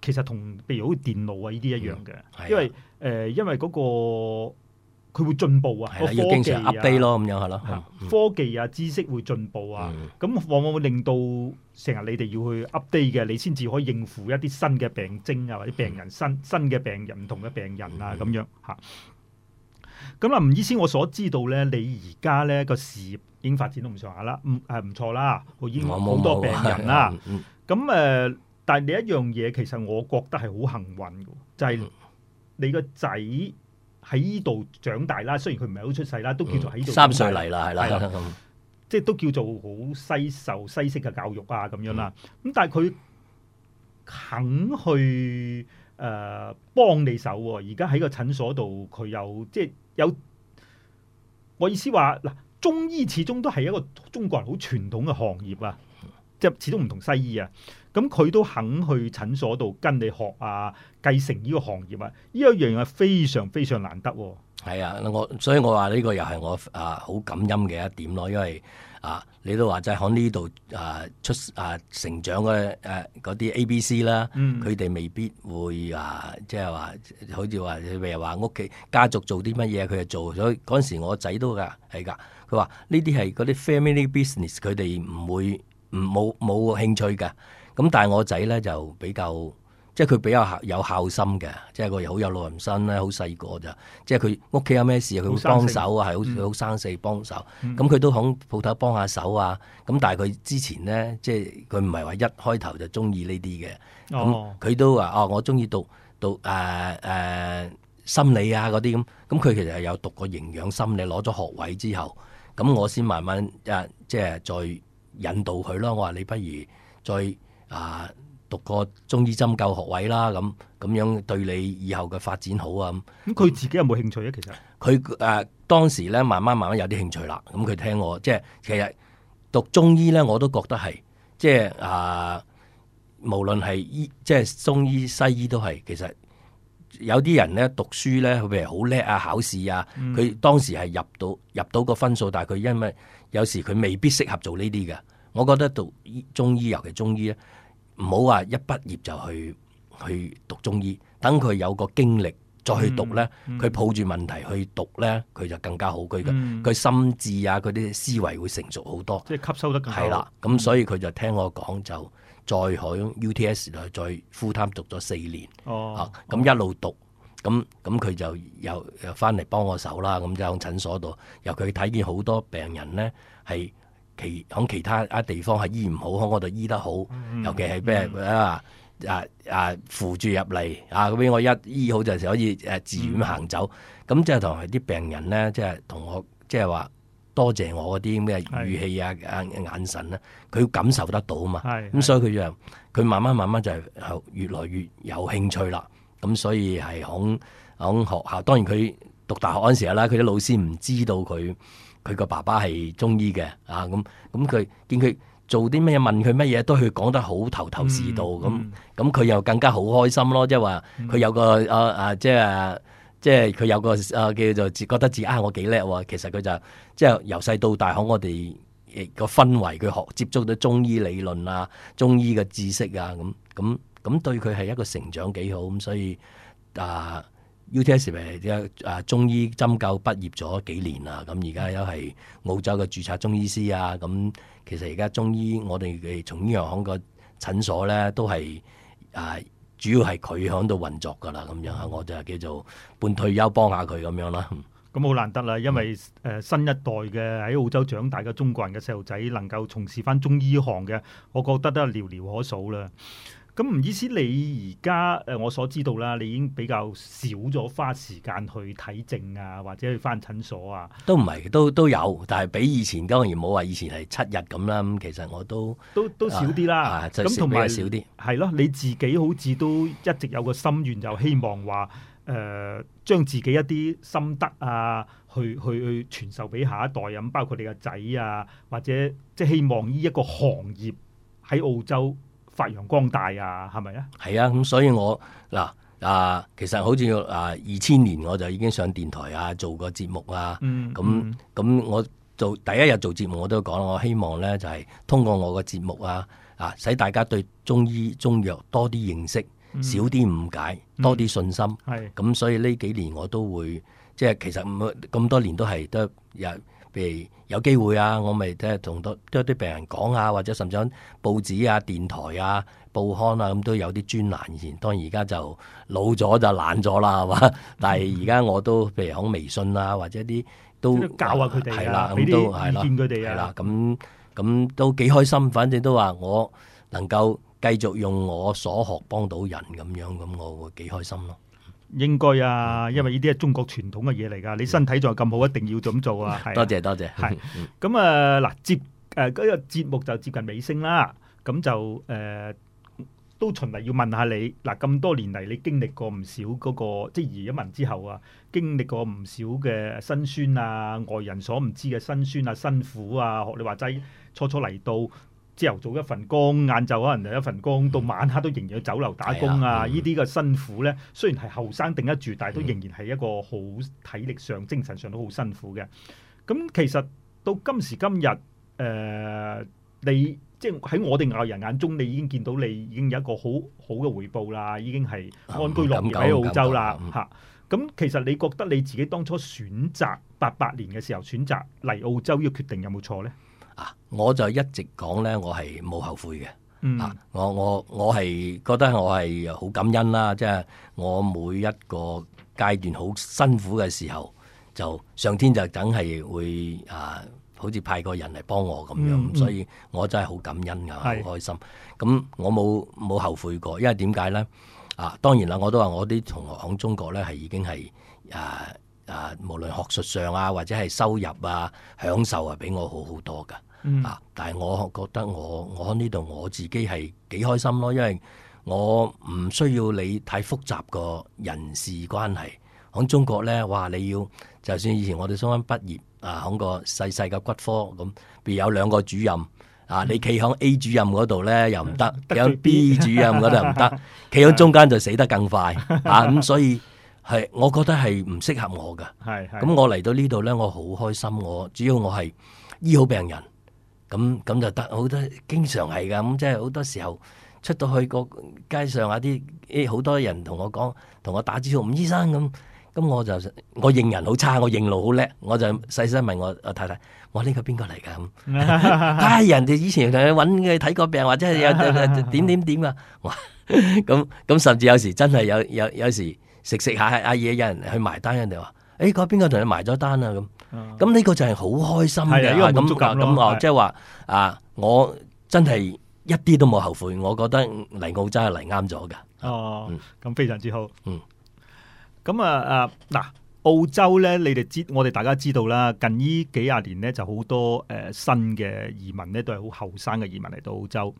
Speaker 1: 其實同譬如好似電腦啊呢啲一樣嘅、嗯啊呃，因為誒因為嗰個佢會進步啊，個科技啊，update 咯咁樣係咯，啊嗯、科技啊知識會進步啊，咁往往會令到成日你哋要去 update 嘅，你先至可以應付一啲新嘅病徵啊或者病人新新嘅病人唔同嘅病人啊咁樣嚇。咁啊，吳醫師，嗯嗯、 <laughs> 我所知道咧，你而家咧個事業。已經發展都唔上下啦，唔係唔錯啦，我、啊、已經好多病人啦。咁誒、嗯嗯嗯，但係你一樣嘢，其實我覺得係好幸運，就係、是、你個仔喺依度長大啦。雖然佢唔係好出世啦，都叫做喺度、嗯、三歲嚟啦，係啦，的嗯、即係都叫做好西受西式嘅教育啊，咁樣啦。咁、嗯、但係佢肯去誒幫、呃、你手喎、哦。而家喺個診所度，佢有即係有，有我意思話嗱。中醫始終都係一個中國人好傳統嘅行業啊，即係始終唔同西醫啊，咁佢都肯去診所度跟你學啊，繼承呢個行業啊，呢一樣嘢非常非常難得、啊。係
Speaker 2: 啊，我所以我話呢個又係我啊好感恩嘅一點咯、啊，因為啊，你都話即係喺呢度啊出啊成長嘅誒嗰啲 A、B、C 啦，佢哋、嗯、未必會啊，即係話好似話你咪話屋企家族做啲乜嘢佢就做，所以嗰陣時我仔都噶係噶。佢話：呢啲係嗰啲 family business，佢哋唔會唔冇冇興趣嘅。咁但係我仔咧就比較，即係佢比較有孝心嘅，即係佢好有老人心啦，好細個咋。即係佢屋企有咩事，佢會幫手，係好好生四幫手。咁佢、嗯、都響鋪頭幫下手啊。咁但係佢之前咧，即係佢唔係話一開頭就中意呢啲嘅。咁佢、哦、都話：哦，我中意讀讀誒誒、呃呃、心理啊嗰啲咁。咁佢其實係有讀過營養心理，攞咗學位之後。咁我先慢慢、啊、即係再引導佢咯。我話你不如再啊讀個中醫針灸學位啦。咁、啊、咁樣對你以後嘅發展好啊。咁
Speaker 1: 佢自己有冇興趣咧？其實
Speaker 2: 佢誒、啊、當時咧慢慢慢慢有啲興趣啦。咁佢聽我即係其實讀中醫咧，我都覺得係即係啊，無論係醫即係中醫西醫都係其實。有啲人咧讀書咧，譬如好叻啊，考試啊，佢當時係入到入到個分數，但係佢因為有時佢未必適合做呢啲嘅。我覺得讀中醫，尤其中醫咧，唔好話一畢業就去去讀中醫，等佢有個經歷再去讀咧，佢、嗯嗯、抱住問題去讀咧，佢就更加好。佢嘅佢心智啊，佢啲思維會成熟好多，即係吸收得更好。係啦，咁所以佢就聽我講就。再喺 U T S 度再 full time 讀咗四年，哦、啊咁一路讀，咁咁佢就又又翻嚟幫我手啦，咁就喺診所度，由佢睇見好多病人呢，係其喺其他啊地方係醫唔好，喺我度醫得好，嗯、尤其係咩啊啊啊扶住入嚟啊，俾、啊啊、我一醫好就係可以誒自遠行走，咁即係同係啲病人呢，即係同我即係話。就是多謝我嗰啲咩語氣啊、啊眼神啊，佢是的 感受得到嘛。咁是的、嗯、所以佢就佢慢慢慢慢就越來越有興趣啦。咁、嗯、所以係響響學校，當然佢讀大學嗰陣時啦，佢啲老師唔知道佢佢個爸爸係中醫嘅啊。咁咁佢見佢做啲咩，問佢乜嘢都去講得好頭頭是道。咁咁佢又更加好開心咯，即係話佢有個啊啊即係。啊啊啊啊啊啊啊即係佢有個啊、呃，叫做自覺得自己啊，我幾叻喎！其實佢就即係由細到大，響我哋個氛圍，佢學接觸到中醫理論啊、中醫嘅知識啊，咁咁咁對佢係一個成長幾好咁，嗯，所以啊，U T S 咪，即啊，中醫針灸畢業咗幾年啊。咁而家又係澳洲嘅註冊中醫師啊，咁、嗯、其實而家中醫我哋嘅從醫藥行個診所咧都係啊。主要係佢喺度運作㗎啦，咁樣啊，我就係叫做半退休幫下佢咁樣啦。
Speaker 1: 咁好難得啦，嗯、因為誒、呃、新一代嘅喺澳洲長大嘅中國人嘅細路仔能夠從事翻中醫行嘅，我覺得都係、啊、寥寥可數啦。咁唔意思吳醫師你，你而家誒我所知道啦，你已經比較少咗花時間去睇症啊，或者去翻診所啊？
Speaker 2: 都唔係，都都有，但係比以前當然冇話以前係七日咁啦。
Speaker 1: 其實我都都都少啲啦。咁同埋少啲係咯，你自己好似都一直有個心願，就希望話誒、呃，將自己一啲心得啊，去去去傳授俾下一代咁，包括你個仔啊，或者即係希望呢一個行業喺澳洲。發揚光大
Speaker 2: 啊，係咪啊？係啊，咁所以我嗱啊，其實好似啊二千年我就已經上電台啊，做過節目啊，咁咁、嗯嗯、我做第一日做節目我都講，我希望呢就係、是、通過我個節目啊，啊使大家對中醫中藥多啲認識，嗯、少啲誤解，多啲信心。係咁、嗯，嗯、所以呢幾年我都會即係其實咁多年都係得有譬如有機會啊，我咪即係同多多啲病人講啊，或者甚至乎報紙啊、電台啊、報刊啊，咁都有啲專欄。以前當然而家就老咗就懶咗啦，係嘛？嗯、但係而家我都譬如響微信啊，或者啲都教下佢哋係啦，咁、啊啊、都係啦，見佢哋係啦，咁咁都幾開心。反正都話我能夠繼續用我所學幫到人咁樣，咁我會幾開心咯。
Speaker 1: 應該啊，因為呢啲係中國傳統嘅嘢嚟㗎。你身體仲係咁好，一定要咁做啊！多謝、啊、多謝，係咁 <laughs> 啊嗱。接誒嗰個節目就接近尾聲啦，咁就誒、呃、都循例要問下你嗱，咁多年嚟你經歷過唔少嗰、嗰個，即移咗民之後啊，經歷過唔少嘅辛酸啊，外人所唔知嘅辛酸啊、辛苦啊，學你話齋初初嚟到。朝頭早一份工，晏晝可能就一份工，嗯、到晚黑都仍然去酒樓打工啊！呢啲嘅辛苦呢，雖然係後生頂得住，但係都仍然係一個好體力上、嗯、精神上都好辛苦嘅。咁、嗯、其實到今時今日，誒、呃、你即係喺我哋外人眼中，你已經見到你已經有一個好好嘅回報啦，已經係安居樂業喺澳洲啦，嚇、嗯！咁、嗯、其實你覺得你自己當初選擇八八年嘅時候選擇嚟澳洲呢個決定有冇錯呢？
Speaker 2: 我就一直講呢，我係冇後悔嘅。嗯、啊，我我我係覺得我係好感恩啦，即係我每一個階段好辛苦嘅時候，就上天就梗係會啊，好似派個人嚟幫我咁樣。嗯嗯、所以我真係好感恩噶，好是開心。咁我冇冇後悔過，因為點解呢？啊，當然啦，我都話我啲同學響中國呢，係已經係啊啊，無論學術上啊或者係收入啊享受啊，比我好好多噶。嗯，啊！但係我覺得我我喺呢度我自己係幾開心咯，因為我唔需要你太複雜個人事關係。喺中國咧，哇！你要就算以前我哋雙方畢業啊，喺個細細嘅骨科咁，譬如，有兩個主任啊，你企喺 A 主任嗰度咧又唔得，企喺 B 主任嗰度又唔得，企喺中間就死得更快啊！咁所以係，我覺得係唔適合我噶。係，咁我嚟到呢度咧，我好開心。我主要我係醫好病人。咁咁就得好多，經常係噶咁，即係好多時候出到去個街上啊啲，啲好多人同我講，同我打招呼，吳醫生咁，咁我就我認人好差，我認路好叻，我就細細問我，我太太，我呢個邊個嚟噶咁，人哋以前同你揾嘅睇過病，或者係有有點點點啊，咁咁甚至有時真係有有有時食食下啲嘢，有人去埋單，人哋話。誒，嗰邊個同你埋咗單啊？咁、嗯，咁呢個就係好開心嘅，因為咁咁啊，即係話啊，我真係一啲都冇後悔，我覺得嚟澳洲係嚟啱咗噶。
Speaker 1: 哦，咁、嗯、非常之好。嗯，咁啊啊嗱。澳洲咧，你哋知我哋大家知道啦，近幾十呢幾廿年咧就好多誒、呃、新嘅移民咧，都係好後生嘅移民嚟到澳洲。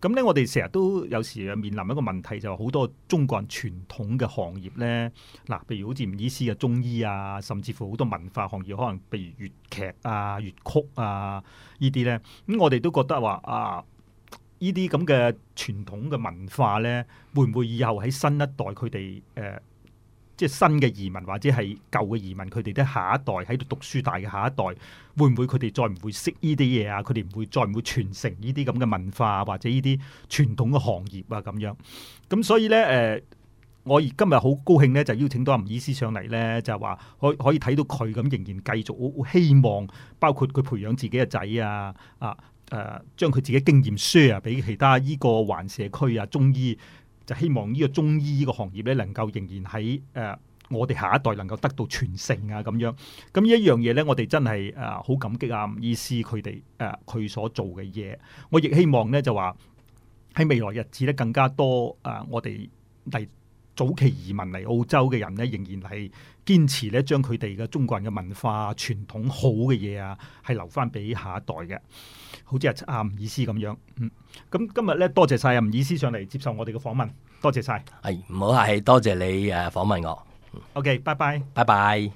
Speaker 1: 咁、嗯、咧，我哋成日都有時啊，面臨一個問題，就係、是、好多中國人傳統嘅行業咧，嗱、啊，譬如好似吳醫師嘅中醫啊，甚至乎好多文化行業，可能譬如粵劇啊、粵曲啊呢啲咧，咁、嗯、我哋都覺得話啊，呢啲咁嘅傳統嘅文化咧，會唔會以後喺新一代佢哋誒、呃即係新嘅移民或者係舊嘅移民，佢哋嘅下一代喺度讀書大嘅下一代，會唔會佢哋再唔會識呢啲嘢啊？佢哋唔會再唔會傳承呢啲咁嘅文化、啊、或者呢啲傳統嘅行業啊咁樣。咁所以咧誒、呃，我今日好高興咧，就邀請到阿吳醫師上嚟咧，就話可可以睇到佢咁仍然繼續我希望，包括佢培養自己嘅仔啊啊誒、啊，將佢自己經驗 share 俾其他呢個環社區啊中醫。就希望呢個中醫呢個行業咧，能夠仍然喺誒、呃、我哋下一代能夠得到傳承啊咁樣。咁呢一樣嘢咧，我哋真係誒好感激啊，吳醫師佢哋誒佢所做嘅嘢。我亦希望咧就話喺未來日子咧更加多誒、呃、我哋嚟早期移民嚟澳洲嘅人咧，仍然係堅持咧將佢哋嘅中國人嘅文化傳統好嘅嘢啊，係留翻俾下一代嘅。好似阿阿吳醫師咁樣，嗯，咁今日咧多謝晒阿吳醫師上嚟接受我哋嘅訪問，多謝晒，
Speaker 2: 係唔好客氣，多謝你誒訪、啊、問我，OK，拜拜，拜拜。